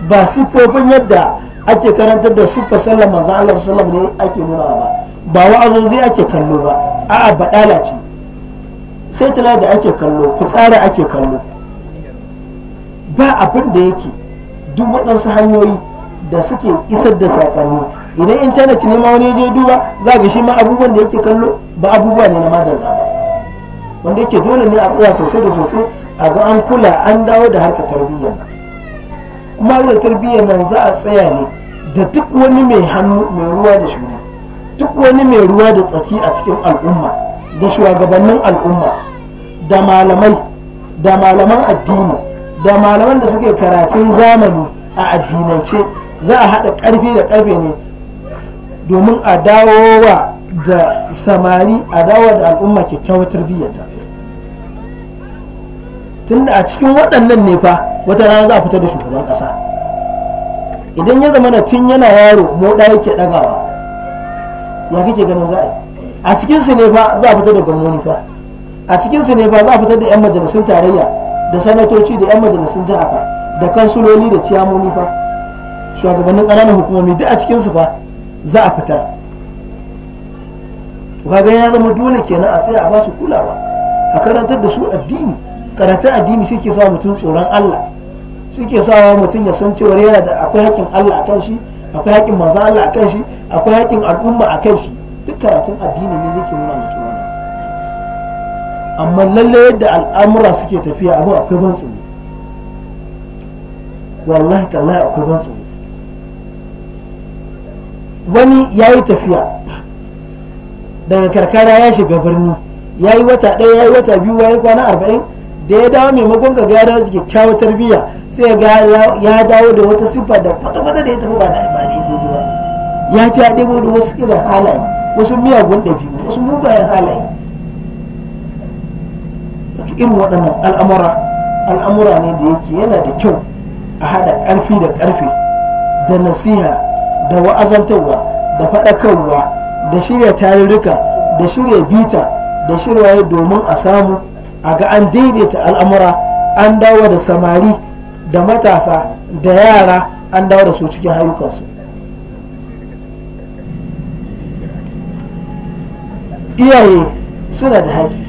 S1: ba siffofin yadda ake karantar da siffa sallar manzo Allah ne ake nuna ba ba zai ake kallo ba a'a badala ce sai tala da ake kallo fitsara ake kallo ba abin da yake duk waɗansu hanyoyi da suke isar da saƙonni idan intanet ne ma wani je duba za ga shi ma abubuwan da yake kallo ba abubuwa ne na madalla ba wanda yake dole ne a tsaya sosai da sosai a ga an kula an dawo da harkar tarbiyyar kuma da tarbiyyar nan za a tsaya ne da duk wani mai hannu mai ruwa da shuna duk wani mai ruwa da tsaki a cikin al'umma da shugabannin al'umma da malamai da malaman addini da malaman da suke karatun zamani a addinance za a haɗa ƙarfi da ƙarfe ne domin a dawowa da samari a dawowa da al'umma kyakkyawar tarbiyyata tunda a cikin waɗannan ne fa wata rana za a fitar da shugaban ƙasa idan ya zama da tun yana yaro da yake ɗagawa ya kake ganin za a yi a cikin su ne fa za a fitar da gwamnoni fa a cikin su ne fa za a fitar da yan majalisun tarayya da sanatoci da yan majalisun jiha fa da kansuloli da ciyamomi fa shugabannin ƙananan hukumomi duk a cikin su fa za a fitar ga ya zama dole kenan a tsaya a ba su kulawa a karantar da su addini karatun addini shi ke sawa mutum tsoron Allah shi ke sawa mutum ya san cewa yana da akwai haƙƙin Allah a kan shi akwai haƙƙin manzo Allah a kan shi akwai haƙƙin al'umma a kan shi duk karatun addini ne yake nuna mutum wannan amma lalle yadda al'amura suke tafiya abu akwai ban tsoro wallahi tallahi akwai ban tsoro wani ya yi tafiya daga karkara ya shiga birni ya yi wata ɗaya ya yi wata biyu ya yi kwana arba'in da ya dawo maimakon ga gyara kyakkyawar tarbiyya sai ga ya dawo da wata siffa da kwata-kwata da ya tafi ba da ba daidai ba ya ci haɗe ɗebo da wasu irin halaye wasu miyagun biyu wasu mugayen halaye irin waɗannan al'amura al'amura ne da yake yana da kyau a haɗa ƙarfi da ƙarfi da nasiha da wa'azantarwa da faɗakarwa da shirya tarurruka da shirya bita da shirya domin a samu a ga an daidaita al'amura an dawo da samari da matasa da yara an dawo da su cikin hayukansu iyaye suna da haƙi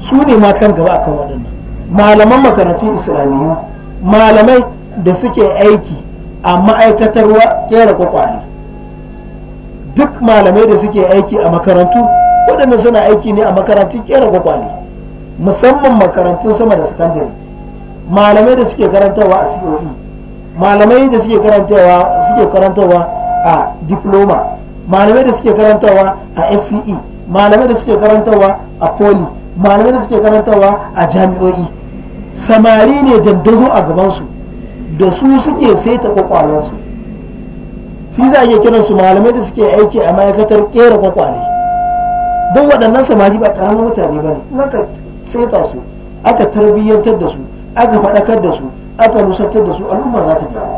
S1: su ne ma kan gaba akan waɗannan malaman makarantu islamiyya malamai da suke aiki a ma'aikatar kera kwakwari duk malamai da suke aiki a makarantu waɗanda suna aiki ne a makarantun kera kwakwale musamman makarantun sama da sakandare malamai da suke karantarwa a COE malamai da suke karantarwa suke karantarwa a diploma malamai da suke karantarwa a FCE malamai da suke karantarwa a poli malamai da suke karantarwa a jami'o'i samari ne dandazo a gabansu da su suke saita kwakwalansu fi za a iya kiransu malamai da suke aiki a ma'aikatar kera kwakwale don waɗannan samari ba karamin mutane ba ne aka tseta su aka tarbiyyantar da su aka faɗakar da su aka nusantar da su al'umma za ta gyaru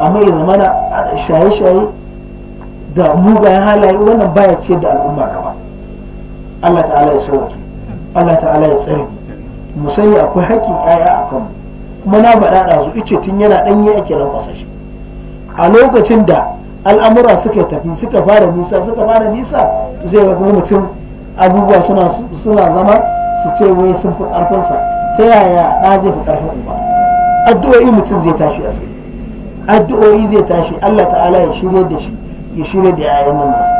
S1: amma idan mana shaye-shaye da mugayen halaye wannan baya ce da al'umma gaba Allah ta'ala ya sauke Allah ta'ala ya tsare mu sani akwai haƙƙin yaya a kanmu kuma na faɗa su ice tun yana ɗanye ake nan ƙasashe a lokacin da al'amura suka tafi suka fara nisa suka fara nisa zai ga kuma mutum abubuwa suna suna zama su ce wai sun fi ƙarfinsa ta yaya da zai fi ƙarfin uba addu'o'i mutum zai tashi a tsaye addu'o'i zai tashi Allah ta'ala ya shirya da shi ya shirya da yayan nan nasa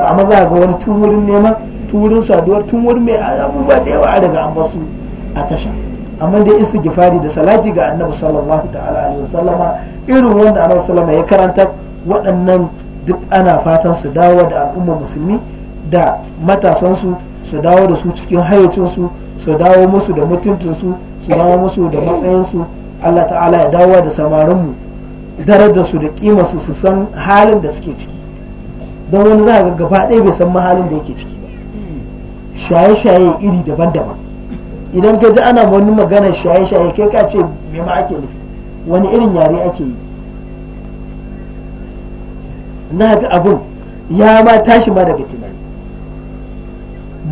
S1: to amma za ga wani tun wurin neman tun wurin saduwar tun wurin mai abubuwa da yawa daga an basu a tasha amma dai gifari da salati ga annabi sallallahu ta'ala alaihi wasallama irin wanda annabi sallama ya karanta waɗannan duk ana fatan su dawo da al'ummar musulmi da matasansu su dawo da su cikin hayyacinsu su dawo musu da mutuntunsu su dawo musu da matsayinsu allah ta'ala ya dawo da samarinmu darajarsu da kimarsu su san halin da suke ciki don wani za ga gaba ɗaya bai san mahalin da yake ciki ba shaye-shaye iri daban-daban idan ka ji ana wani magana shaye-shaye kai ka ce me ma ake nufi wani irin yare ake yi na ga abin ya ma tashi ma daga tunani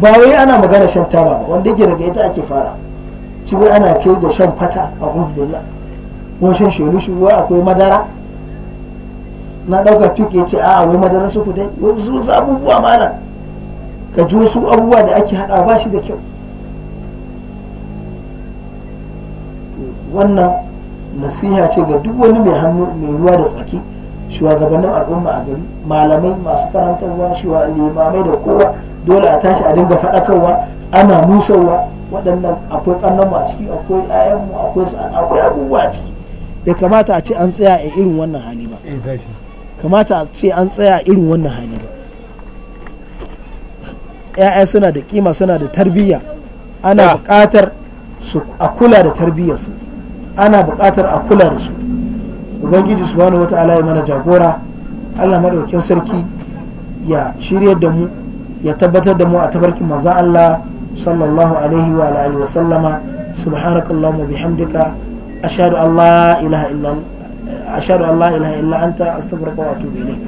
S1: ba wai ana magana shan taba ba wanda yake daga ita ake fara shi wai ana kai ga shan fata a uzbillah ko shan shelu shi wai akwai madara na ɗauka fik ya ce a'a wai madara su kudai wai su wasu abubuwa mana ka ji wasu abubuwa da ake haɗa ba shi da kyau wannan nasiha ce ga duk wani mai hannu mai ruwa da tsaki shugabannin al'umma a gari malamai masu karantarwa limamai da kowa dole a tashi a dinga faɗakarwa ana nusarwa waɗannan akwai ƙannanmu a ciki akwai ayanmu akwai akwai abubuwa a ciki ya kamata a ce an tsaya a irin wannan hali ba eh, kamata a ce an tsaya a irin wannan hali ba ya'ya suna da kima suna da tarbiyya ana buƙatar a kula da tarbiyyarsu ana buƙatar a kula da su ubangiji subhanahu wata'ala ya mana jagora Allah madaukin sarki ya shiryar da mu ya tabbatar da mu a tabarkin manzon Allah sallallahu alaihi wa alihi wa sallama subhanakallahumma bihamdika ashhadu an la ilaha illa ashhadu an la ilaha illa anta astaghfiruka wa atubu ilayk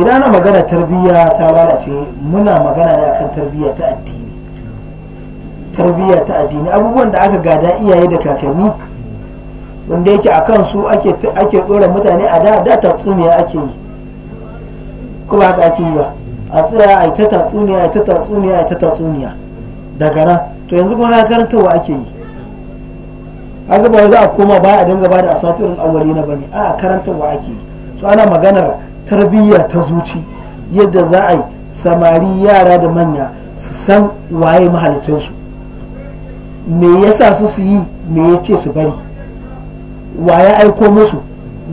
S1: idan ana magana tarbiyya ta lalace muna magana ne akan tarbiyya ta addini tarbiyya ta addini abubuwan da aka gada iyaye da kakanni wanda yake a kan su ake ɗora mutane a da da tatsuniya ake yi kuma haka ake yi ba a tsaya a yi ta tatsuniya a yi ta tatsuniya a ta tatsuniya daga nan to yanzu kuma ya karanta wa ake yi haka ba za a koma ba a dinga ba da asatirin awali na bane a karanta wa ake yi so ana maganar tarbiyya ta zuci yadda za a yi samari yara da manya su san waye mahalicinsu me yasa su su yi me ya ce su bari wa ya aiko musu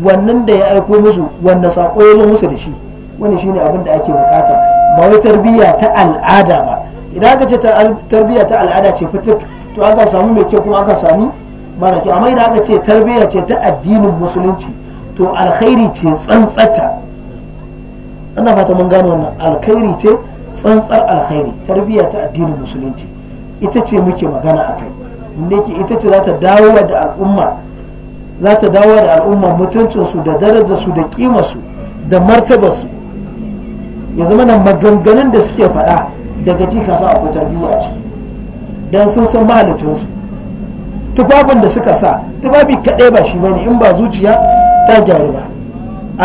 S1: wannan da ya aiko musu wanda sako ya zo musu da shi wani shine abin da ake bukata ba wai tarbiyya ta al'ada ba idan aka ce tarbiyya ta al'ada ce fitif to aka samu mai kyau kuma aka sami mara kyau amma idan aka ce tarbiyya ce ta addinin musulunci to alkhairi ce tsantsata ana fata mun gano wannan alkhairi ce tsantsar alkhairi tarbiyya ta addinin musulunci ita ce muke magana a kai ita ce za ta dawo da al'umma za ta dawo da al'umma mutuncinsu da darajarsu da kimarsu da martabarsu ya zama nan maganganun da suke faɗa daga ci kasa akwai tarbiyya a ciki don sun san mahalicinsu tufafin da suka sa tufafi kaɗai ba shi bane in ba zuciya ta gyaru ba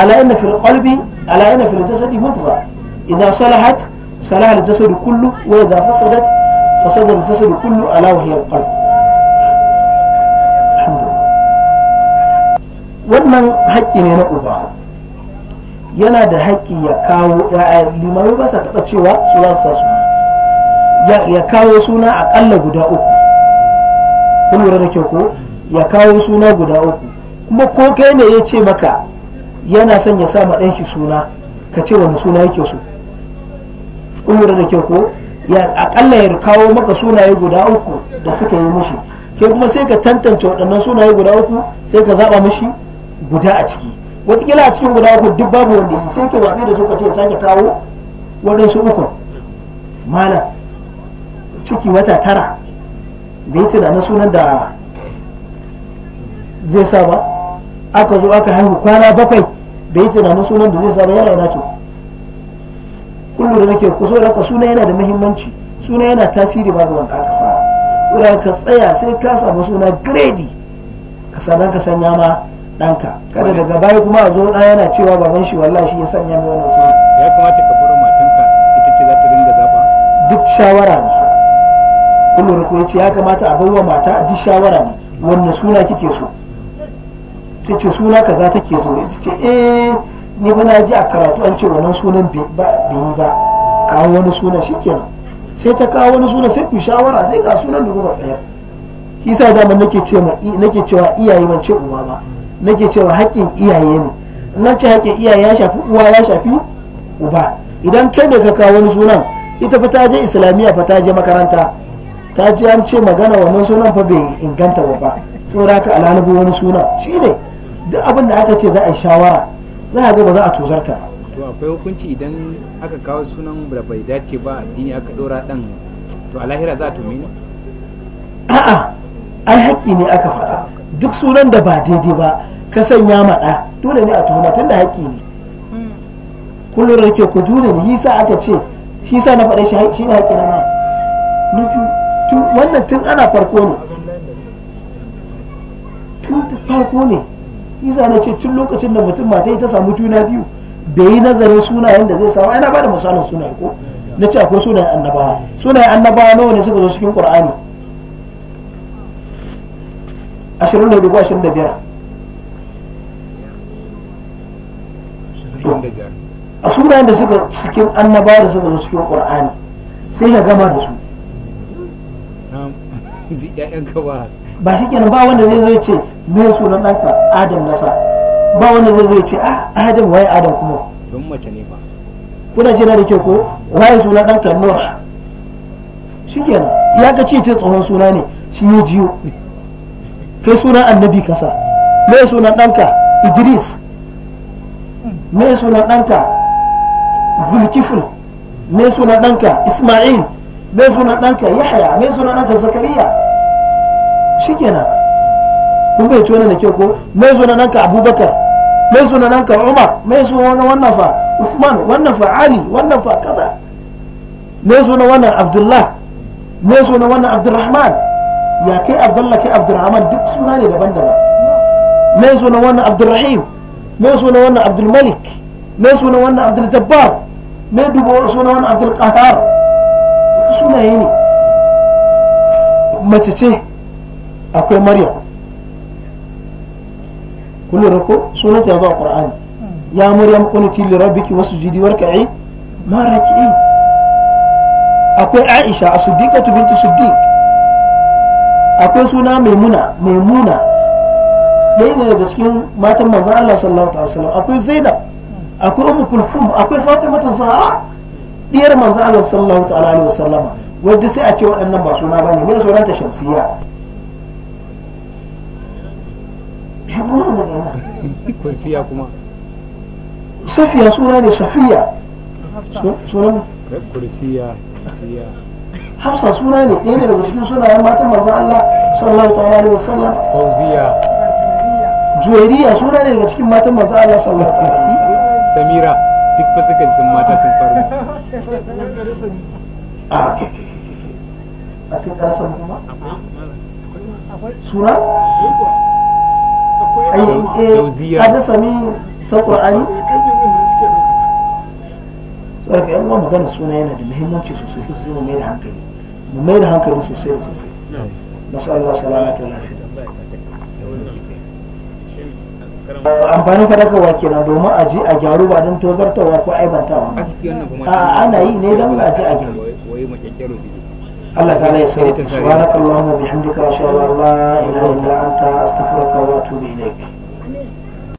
S1: ala inna fil qalbi ala inna fil jasadi mudghah idza salahat salaha al jasadu kullu wa idza fasadat fasada al jasadu kullu ala wa al wannan haƙƙi ne na uba yana da haƙƙi ya kawo ya'ya limamai ba sa taɓa cewa su za su sa suna ya kawo suna aƙalla guda uku kun lura da kyau ko ya kawo suna guda uku kuma ko kai ne ya ce maka yana son ya sa ɗan shi suna ka ce wani suna yake so kun lura da kyau ko ya aƙalla ya kawo maka sunaye guda uku da suka yi mushi ke kuma sai ka tantance waɗannan sunaye guda uku sai ka zaɓa mushi guda a ciki watakila a cikin guda uku duk babu wanda yi sai ke watsi da su ka ce sake kawo waɗansu uku malam ciki wata tara bai tunanin sunan da zai sa ba aka zo aka haihu kwana bakwai bai tunanin sunan da zai sa ba yana yana to kullum da nake kuso da ka suna yana da muhimmanci suna yana tasiri ba ga wanda aka sa ka tsaya sai ka samu suna gredi ka sanan ka sanya ma ɗanka kada daga baya kuma a zo ɗa yana cewa baban shi wallahi shi ya sanya mai wannan
S2: suna ya kamata
S1: ka bar matanka ita ce za ta dinga zaba duk shawara ne kullum ya ce ya kamata a bawa mata duk shawara ne wannan suna kike so sai ce suna kaza take so ya ce eh ni ba na ji a karatu an ce wannan sunan bai yi ba kawo wani shi shikenan sai ta kawo wani suna sai ku shawara sai ga sunan da kuka tsayar shi sa da nake cewa iyaye ban ce uba ba nake cewa haƙƙin iyaye ne nan ce haƙƙin iyaye ya shafi uwa ya shafi uba idan kai da ka kawo wani sunan ita fa ta je islamiyya fa ta je makaranta ta ji an ce magana wannan sunan fa bai inganta ba saboda haka alalibu wani suna shine duk abin da aka ce za a yi shawara za a ga ba za a tozarta ba
S2: to akwai hukunci idan aka kawo sunan da bai dace ba addini aka dora dan to a lahira za a tumi ne
S1: a'a ai haƙƙi ne aka faɗa duk sunan da ba daidai ba ka sanya maɗa dole ne a tuhuma tun da haƙƙi ne kullum da ke ku dole ne hisa aka ce hisa na faɗa shi ne haƙƙi na na wannan tun ana farko ne tun farko ne hisa na ce tun lokacin da mutum mata ta samu juna biyu bai yi nazarin sunayen da zai samu ana ba da misalin sunaye ko na ce akwai sunayen annabawa sunayen annabawa nawa ne suka zo cikin qur'ani ashirin ko ashirin da biyar a sunayen da suka cikin annaba da suka zo cikin qur'ani sai ka gama da su ba shi kenan ba wanda zai zai ce me sunan ɗanka adam nasa ba wanda zai zai ce a ah, adam waye adam kuma don mace ne ba kuna ce na da kyau ko waye sunan ɗanka nora shi kenan ya ka ce ce tsohon suna ne shi yi jiyo kai sunan annabi kasa me sunan ɗanka idris me sunan ɗanka zulkifil me sunan ɗanka isma'il me sunan ɗanka yahya me sunan ɗanka zakariya shikenan kun bai tona da kyau ko me sunan ɗanka abubakar me sunan ɗanka umar me sunan wannan fa usman wannan fa ali wannan fa kaza me sunan wannan abdullah me sunan wannan abdurrahman ya kai abdullah kai abdurrahman duk suna ne daban-daban me suna wannan abdurrahim me suna wannan abdulmalik me suna wannan abdul-jabbar me dubo suna wannan abdul-qahar sunaye ne mace ce akwai maryam kullu rako sunan ta zuwa qur'ani ya maryam kunti li rabbiki wasjudi warka'i ma raki'i akwai aisha as-siddiqatu bintu siddiq akwai suna maimuna maimuna ɗaya ne daga cikin matan manzan Allah sallallahu alaihi wasallam akwai zainab akwai ummu kulfum akwai fatima ta zahra diyar manzan Allah sallallahu alaihi wasallama wanda sai a ce waɗannan ba suna bane me sauran ta shamsiya kuma safiya suna ne safiya ne
S2: kursiya
S1: hafsa suna ne ɗaya ne daga cikin sunayen matan manzon Allah sallallahu ta'ala alaihi wasallam fauziya juwairiya suna ne daga cikin matan manzon Allah sallallahu ta'ala alaihi wasallam samira duk fa suka san mata sun faru ah, a ke ke a kuma suna ayi eh,
S2: sami ta qur'ani
S1: saboda yan uwa magana suna yana da muhimmanci sosai sai mu mai da hankali mu mai da hankali sosai da sosai nasu Allah salamatu lafiya amfanin fadakarwa kenan domin a ji a gyaru ba don tozartawa ko aibantawa a ana yi ne don a ji a gyaru Allah ta ya sauri subhanakallahumma bihamdika wa shawara la ilaha illa anta astaghfiruka wa atubu ilaik